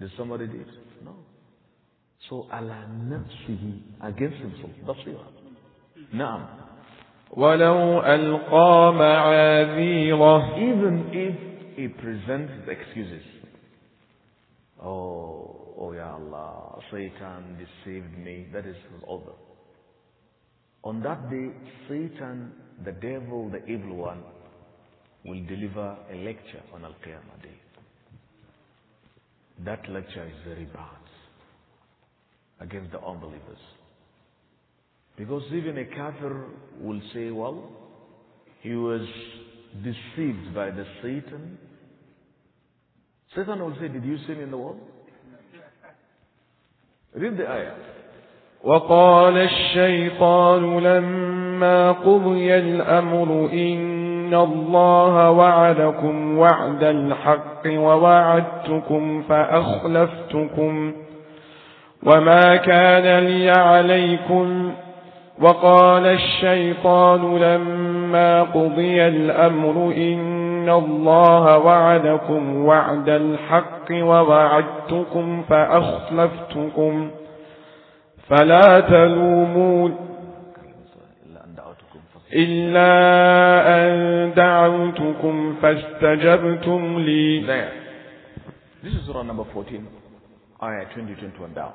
Did somebody do it? No. So, ala nafsihi, against himself. Basira. Naam. ولو ألقى معاذيره. Even if he presents the excuses. Oh, oh ya Allah, Satan deceived me. That is over. On that day, Satan, the devil, the evil one, will deliver a lecture on Al Qiyamah Day. That lecture is very bad against the unbelievers. Because even a kafir will say, well, he was deceived by the Satan Satan will say, did you sin in the world? Read the ayah. وقال الشيطان لما قضي الأمر إن الله وعدكم وعد الحق ووعدتكم فأخلفتكم وما كان لي عليكم وقال الشيطان لما قضي الأمر إن إن الله وعدكم وعد الحق ووعدتكم فأخلفتكم فلا تلومون إلا أن دعوتكم فاستجبتم لي There. This is Surah number 14, ayah 20, 21 down.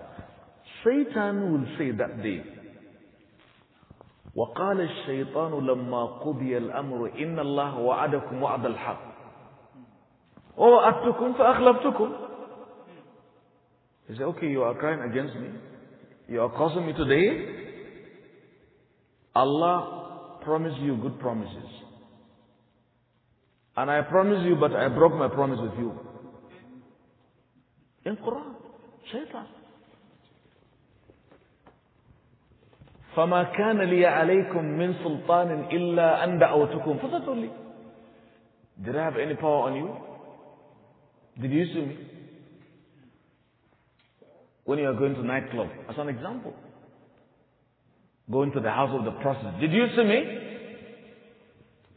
Satan will say that day, وقال الشيطان لما قضي الأمر إن الله وعدكم وعد الحق ووعدتكم فأخلفتكم He said, okay, you are crying against me. You are causing me today. Allah promised you good promises. And I promised you, but I broke my promise with you. In Quran, shaitan. فما كان لي عليكم من سلطان إلا أن دعوتكم فصدوا لي Did I have any power on you? Did you sue me? When you are going to nightclub, as an example. Going to the house of the prostitute. Did you sue me?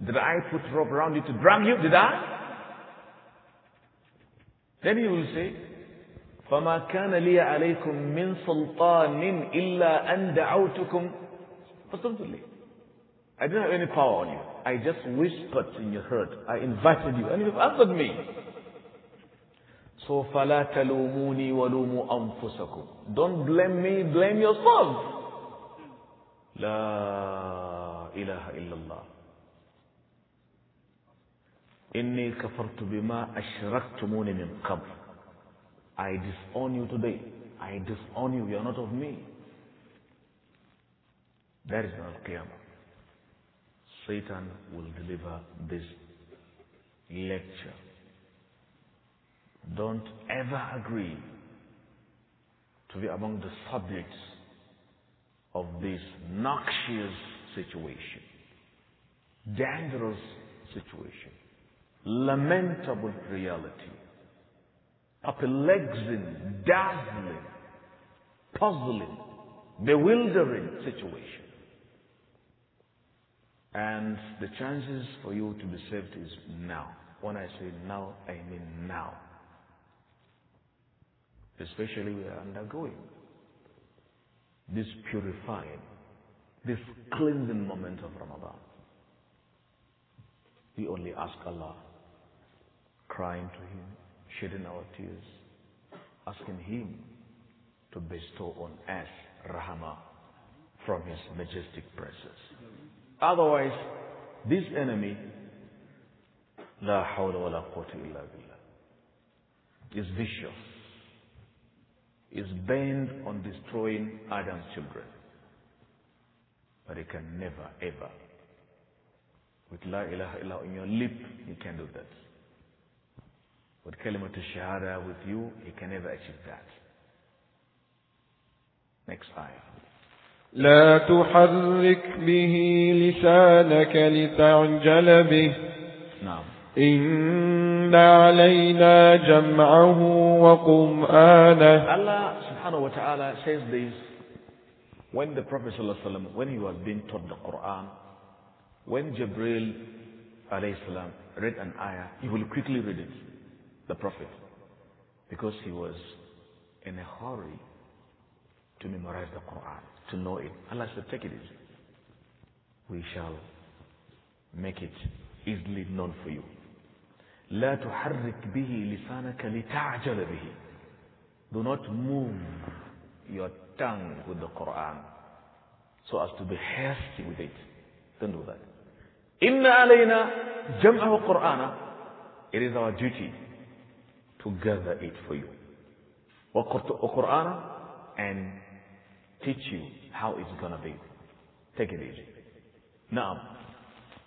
Did I put rope around you to drag you? Did I? Then you will say, فما كان لي عليكم من سلطان إلا أن دعوتكم فصلتوا لي I didn't have any power on you. I just whispered in your heart. I invited you and you answered me. So فلا تلوموني ولوموا أنفسكم. Don't blame me, blame yourself. لا إله إلا الله. إني كفرت بما أشركتموني من قبل. I disown you today. I disown you. You are not of me. That is not clear. Satan will deliver this lecture. Don't ever agree to be among the subjects of this noxious situation, dangerous situation, lamentable reality perplexing, dazzling, puzzling, bewildering situation. And the chances for you to be saved is now. When I say now, I mean now. Especially we are undergoing this purifying, this cleansing moment of Ramadan. We only ask Allah, crying to Him, shedding our tears, asking Him to bestow on us rahama from His majestic presence. Otherwise, this enemy, la hawla wa la quwwata illa billah, is vicious, is bent on destroying Adam's children. But he can never, ever, with la ilaha illa on your lip, he can do that with kalimat shahada with you, he can never achieve that. Next ayah. لا تحرك به لسانك لتعجل به نعم إن علينا جمعه وقمآنه. Allah subhanahu wa ta'ala says this when the Prophet sallallahu alaihi wasallam when he was being taught the Quran when Jibril alayhi salam read an ayah he will quickly read it the Prophet because he was in a hurry to memorize the Quran, to know it. Allah said, take it easy. We shall make it easily known for you. لا تحرك به لسانك لتعجل به. Do not move your tongue with the Quran so as to be hasty with it. Don't do that. إن علينا جمع القرآن. It is our duty to gather it for you. Quran and teach you how it's gonna be. Take it easy. Now.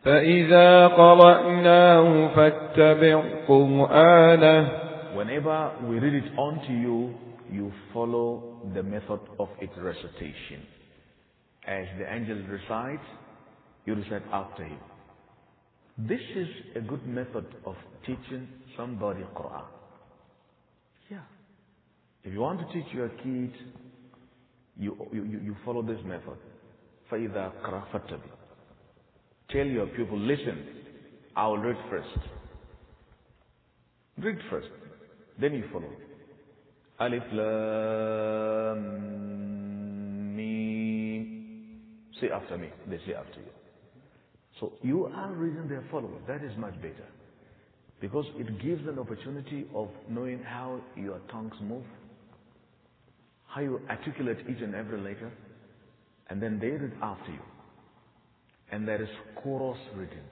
فإذا قرأناه فاتبع قرآنه Whenever we read it unto you, you follow the method of its recitation. As the angel recites, you recite after him. This is a good method of teaching somebody Quran. If you want to teach your kid, you, you, you follow this method. فَإِذَا قَرَفَتَّبِ Tell your pupil, listen, I will read first. Read first. Then you follow. Alif Say after me. They say after you. So you are reading their followers. That is much better. Because it gives an opportunity of knowing how your tongues move how you articulate each and every letter, and then they read after you. And there is chorus reading.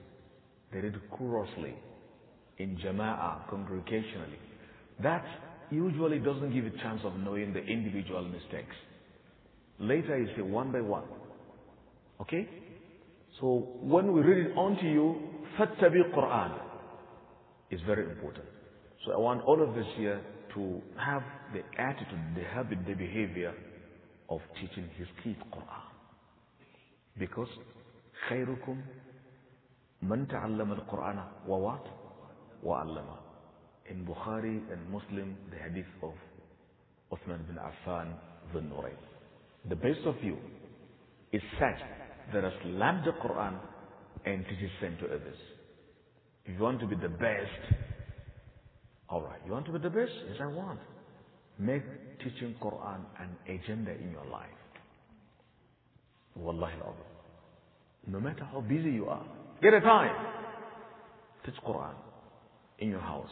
They read chorously, in jama'ah, congregationally. That usually doesn't give you a chance of knowing the individual mistakes. Later you say one by one. Okay? So when we read it onto you, فَاتَّبِي Quran is very important. So I want all of us here to have the attitude, the habit, the behavior of teaching his kids Quran. Because خيركم من تعلم القرآن ووات وعلمه. In Bukhari and Muslim, the hadith of Uthman bin Affan, the Nurayn. The best of you is such that has learned the Quran and teaches it to others. If you want to be the best, alright, you want to be the best? Yes, I want. Make teaching Quran an agenda in your life. Wallahi al No matter how busy you are, get a time. Teach Quran in your house,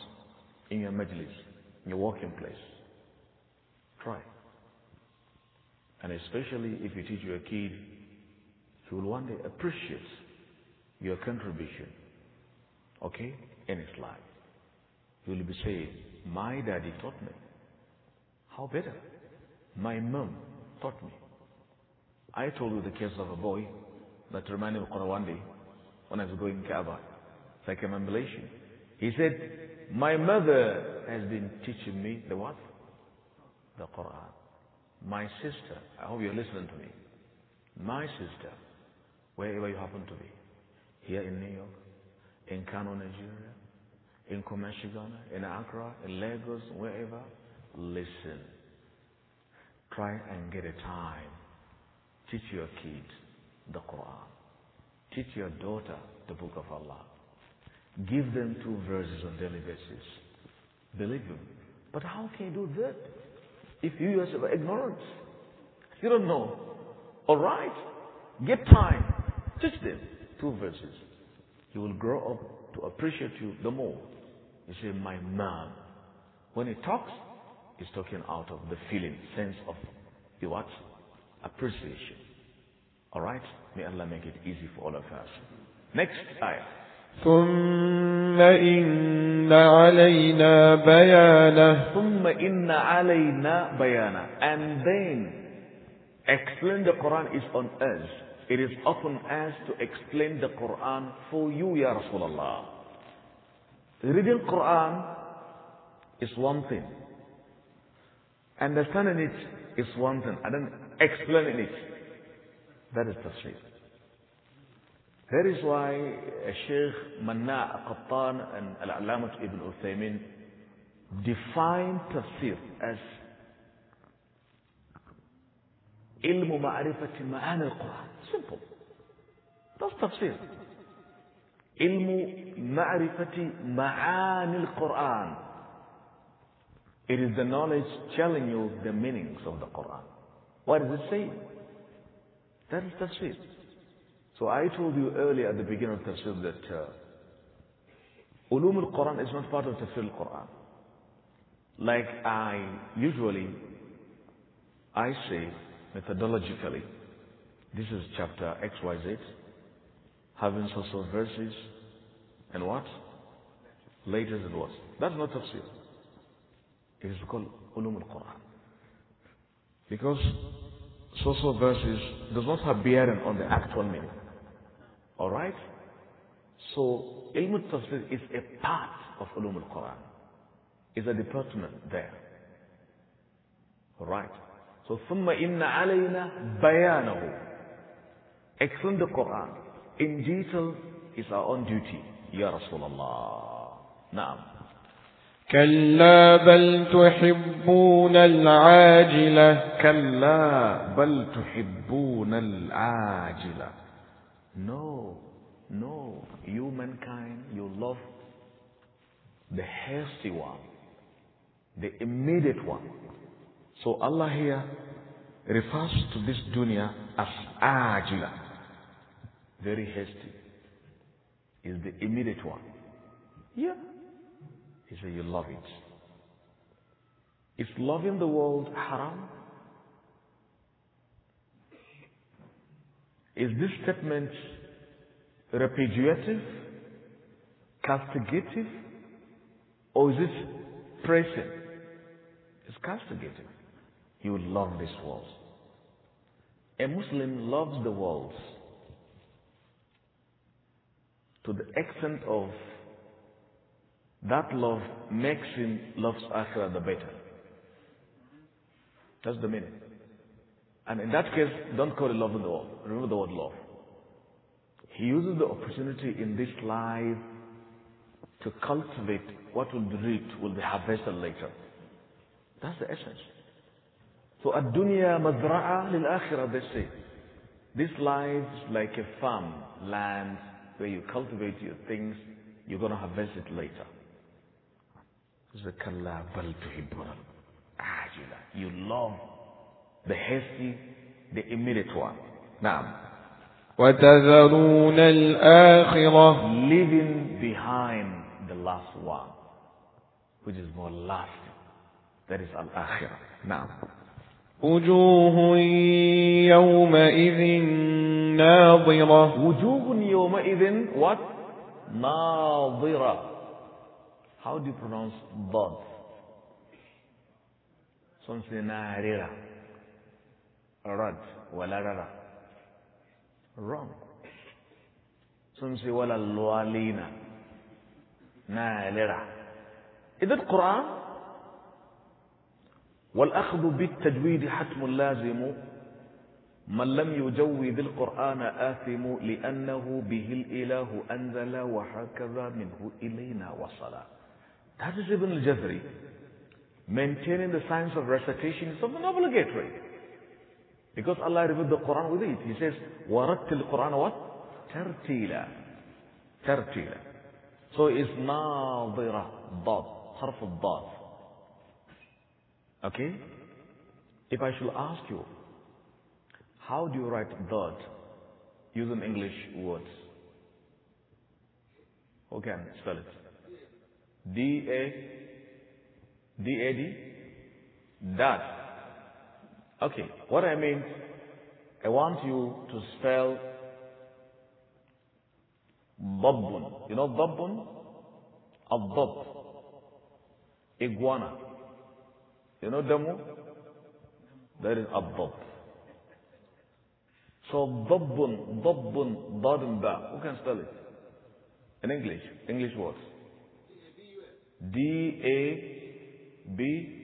in your majlis, in your working place. Try. And especially if you teach your kid, he will one day appreciate your contribution, okay, in his life. He will be saying, my daddy taught me. How better? My mom taught me. I told you the case of a boy that reminded me of one day when I was going Kaaba. It's like a revelation. He said, my mother has been teaching me the what? The Quran. My sister, I hope you're listening to me. My sister, wherever you happen to be, here in New York, in Kano, Nigeria, in Kumashi, Ghana, in Accra, in Lagos, wherever, listen. Try and get a time. Teach your kids the Quran. Teach your daughter the Book of Allah. Give them two verses on daily basis. Believe them. But how can you do that if you yourself are ignorant? You don't know. Alright. Get time. Teach them two verses. He will grow up to appreciate you the more. You say, my mom. When he talks, is talking out of the feeling, sense of the what? Appreciation. Alright? May Allah make it easy for all of us. Next ayah. ثم إن علينا بيانه ثم إن علينا بيانه and then explain the Quran is on us it is upon us to explain the Quran for you Ya Rasulullah reading Quran is one thing Understanding it is one thing, and then explaining it, that is tafsir. That is why Sheikh Manna Qattan and Al-Alamat Ibn Uthaymin define tafsir as ma'rifati ma'an al Quran. simple that's tafsir. Ilmu ma'rifati ma'an al Quran. It is the knowledge telling you the meanings of the Quran. What does it say? That is tafsir. So I told you earlier at the beginning of tafsir that uh, ulum al-Quran is not part of tafsir al-Quran. Like I usually, I say methodologically, this is chapter XYZ, having so so verses, and what? later and what? That's not tafsir. It is called ulum al-Quran. Because so-so verses does not have bearing on the actual meaning. Alright? So, ilm al is a part of ulum al-Quran. It's a department there. Alright? So, ثُمَّ إِنَّ عَلَيْنَا بَيَانَهُ Explain the Quran in detail is our own duty. Ya Rasulullah. Naam. كلا بل تحبون العاجلة كلا بل تحبون العاجلة No, no, humankind, you love the hasty one, the immediate one. So Allah here refers to this dunya as ajila, very hasty, is the immediate one. Yeah. He said, You love it. Is loving the world haram? Is this statement repudiative, castigative, or is it praising? It's castigative. You love this world. A Muslim loves the world to the extent of that love makes him love Akhirah the better. That's the meaning. And in that case, don't call it love in the world. Remember the word love. He uses the opportunity in this life to cultivate what will be reaped, will be harvested later. That's the essence. So ad-dunya mazra'a lil-akhirah, they say. This life is like a farm, land, where you cultivate your things, you're going to harvest it later. said, Kalla bal tuhibbuna. Ajila. You love the hasty, the immediate one. Naam. وتذرون الآخرة Leaving behind the last one, which is more lasting. That is al-akhirah. Naam. وجوه يومئذ ناظرة وجوه يومئذ what? ناظرة How do you pronounce birth? Some say narira. Rad, walarara. Wrong. Some say wala lualina. Nalira. Is it Quran? والأخذ بالتجويد حتم لازم من لم يجود القرآن آثم لأنه به الإله أنزل وهكذا منه إلينا وصلا That is Ibn al Maintaining the science of recitation is something obligatory. Because Allah revealed the Quran with it. He says, وَرَتِّلْ Quran what? Tartila, tartila. So it's نَاظِرَة ضاد حرف الضاد Okay? If I should ask you, how do you write dot using English words? Who can spell it? D-A, D-A-D, that. Okay, what I mean, I want you to spell Babbun. You know Babbun? A Bab. Iguana. You know Damu? That is a Bab. So Babbun, Babbun, Badun Ba. Who can spell it? In English, English words. D A B.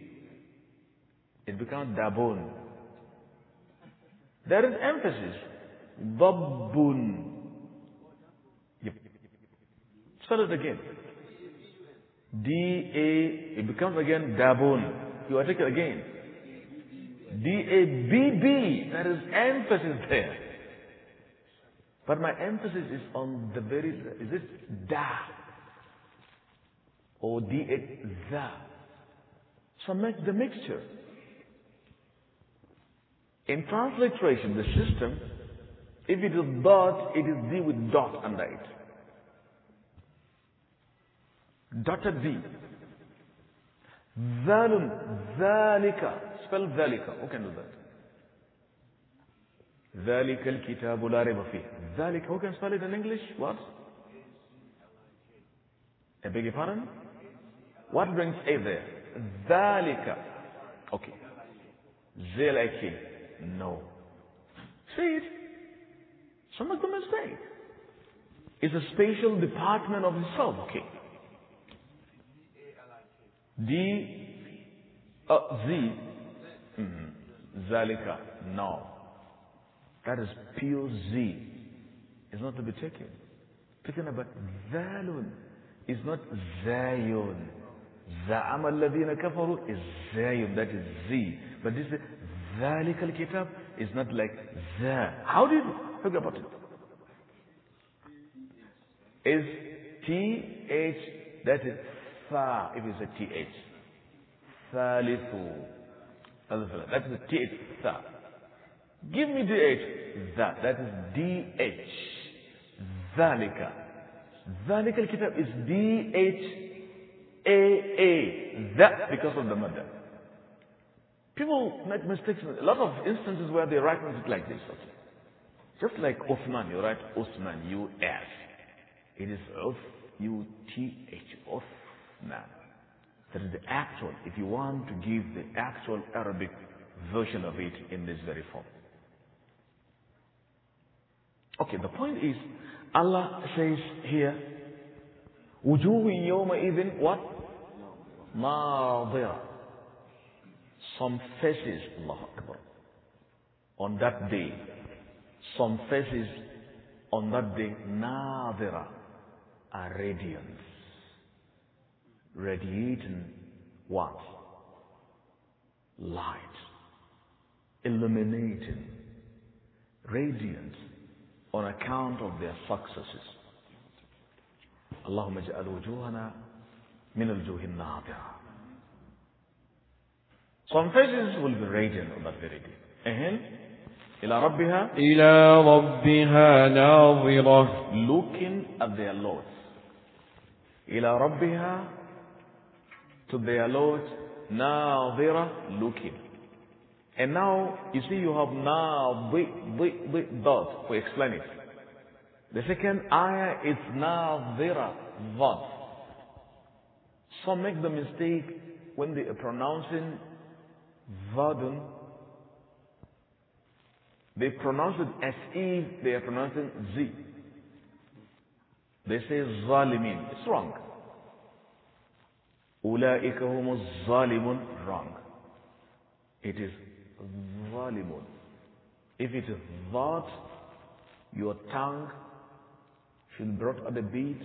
It becomes Dabun. There is emphasis. Dabbun. Yep. Spell it again. D A. It becomes again Dabun. You articulate again. D A B B. There is emphasis there. But my emphasis is on the very, is it da? Or di it za. the mixture. In transliteration, the system, if it is dot, it is d with dot under it. Dotted d. Zalun, zalika. Spell zalika. Who can do that? Zalika al لا ريب فيه who can spell it in English what I beg your pardon what brings A there? Dhalika. Okay. Zalaki. No. See it? of the mistake. It's a special department of itself. Okay. D, uh, Z, mm, mm-hmm. Zalika. No. That is pure Z. It's not to be taken. Talking about Zalun. It's not Zayun. زعم الذين كفروا is زايم that is Z but this ذلك الكتاب is not like ذا how do you think about it is TH that is ثا if it's a TH ثالث that is a TH ثا give me T H. that that is DH ذلك ذلك الكتاب is DH a, A, that because of the mother. People make mistakes. A lot of instances where they write it like this. Okay. Just like Osman, you write Osman, U-S. It is of U-T-H, That is the actual, if you want to give the actual Arabic version of it in this very form. Okay, the point is, Allah says here, وجوه even what? are Some faces, Allah Akbar, on that day. Some faces on that day, nadira, are radiant, Radiating what? Light. Illuminating. Radiant on account of their successes. اللهم اجعل وجوهنا من الجوه الناضرة Some faces will be radiant on that very day. أهن إلى ربها إلى ربها ناظرة looking at their Lord. إلى ربها to their Lord ناظرة looking. And now you see you have ناظر dot for explanation. The second ayah is nadhira, vad. Some make the mistake when they are pronouncing vadun. They pronounce it as if they are pronouncing z. They say zalimin. It's wrong. Ulaika humus zalimun. Wrong. It is zalimun. If it is that, your tongue you brought other the beads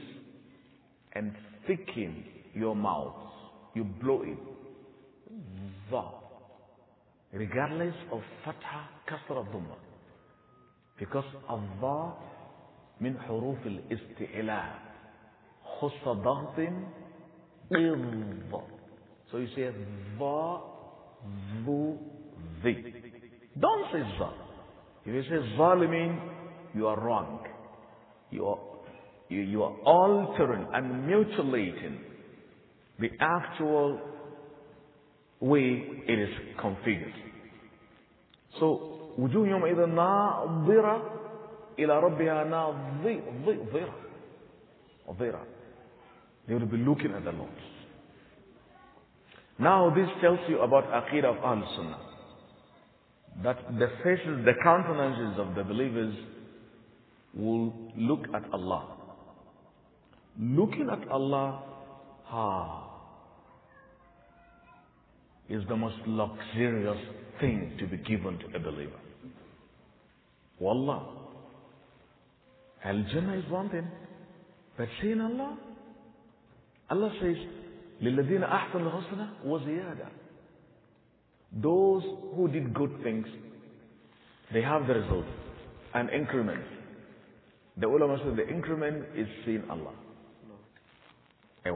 and thicken your mouth. You blow it. va. Regardless of fatha, kasra, dhumma. Because al-va min huruf al خص ضغط قض so you say va vu vi. don't say va. if you say ظالمين you are wrong you are you, are altering and mutilating the actual way it is configured. So, وجوه يومئذ ناظرة إلى ربها ناظرة ظرة They will be looking at the Lord. Now this tells you about Aqidah of Al-Sunnah. That the faces, the countenances of the believers will look at Allah looking at Allah, ha, is the most luxurious thing to be given to a believer. Wallah. Al Jannah is one thing, but seeing Allah, Allah says, لِلَّذِينَ أَحْسَنُ الْحُسْنَى وَزِيَادَةً Those who did good things, they have the result, an increment. The ulama said the increment is seeing Allah. Ay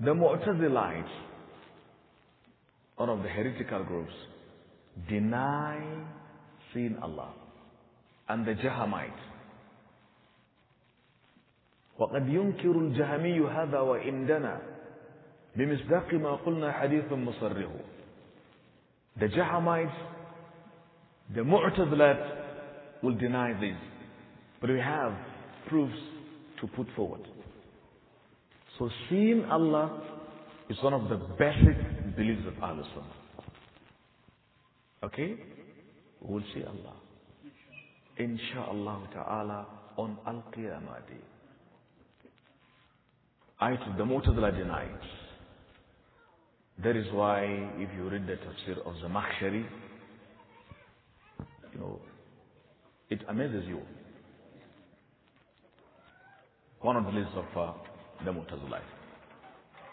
The Mu'tazilites, one of the heretical groups, deny seeing Allah. And the Jahamites. وقد ينكر الجهمي هذا وإن دنا بمصداق ما قلنا حديث مصره The Jahamites, the Mu'tazilat will deny this. But we have proofs to put forward. So seeing Allah is one of the basic beliefs of Ahlul Sunnah. Okay? We will see Allah. Insha'Allah ta'ala on Al-Qiyamah Day. Ayat of the Mu'tazila denies. That is why if you read the tafsir of the Makhshari, you know, it amazes you. One of the lists of uh, the Mutazilite.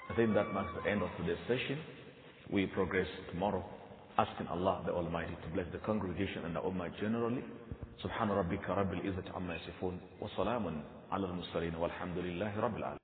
I think that marks the end of today's session. We progress tomorrow, asking Allah the Almighty to bless the congregation and the Ummah generally. سبحان ربك رب العزة عما يصفون وسلام على المرسلين والحمد لله rabbil العالمين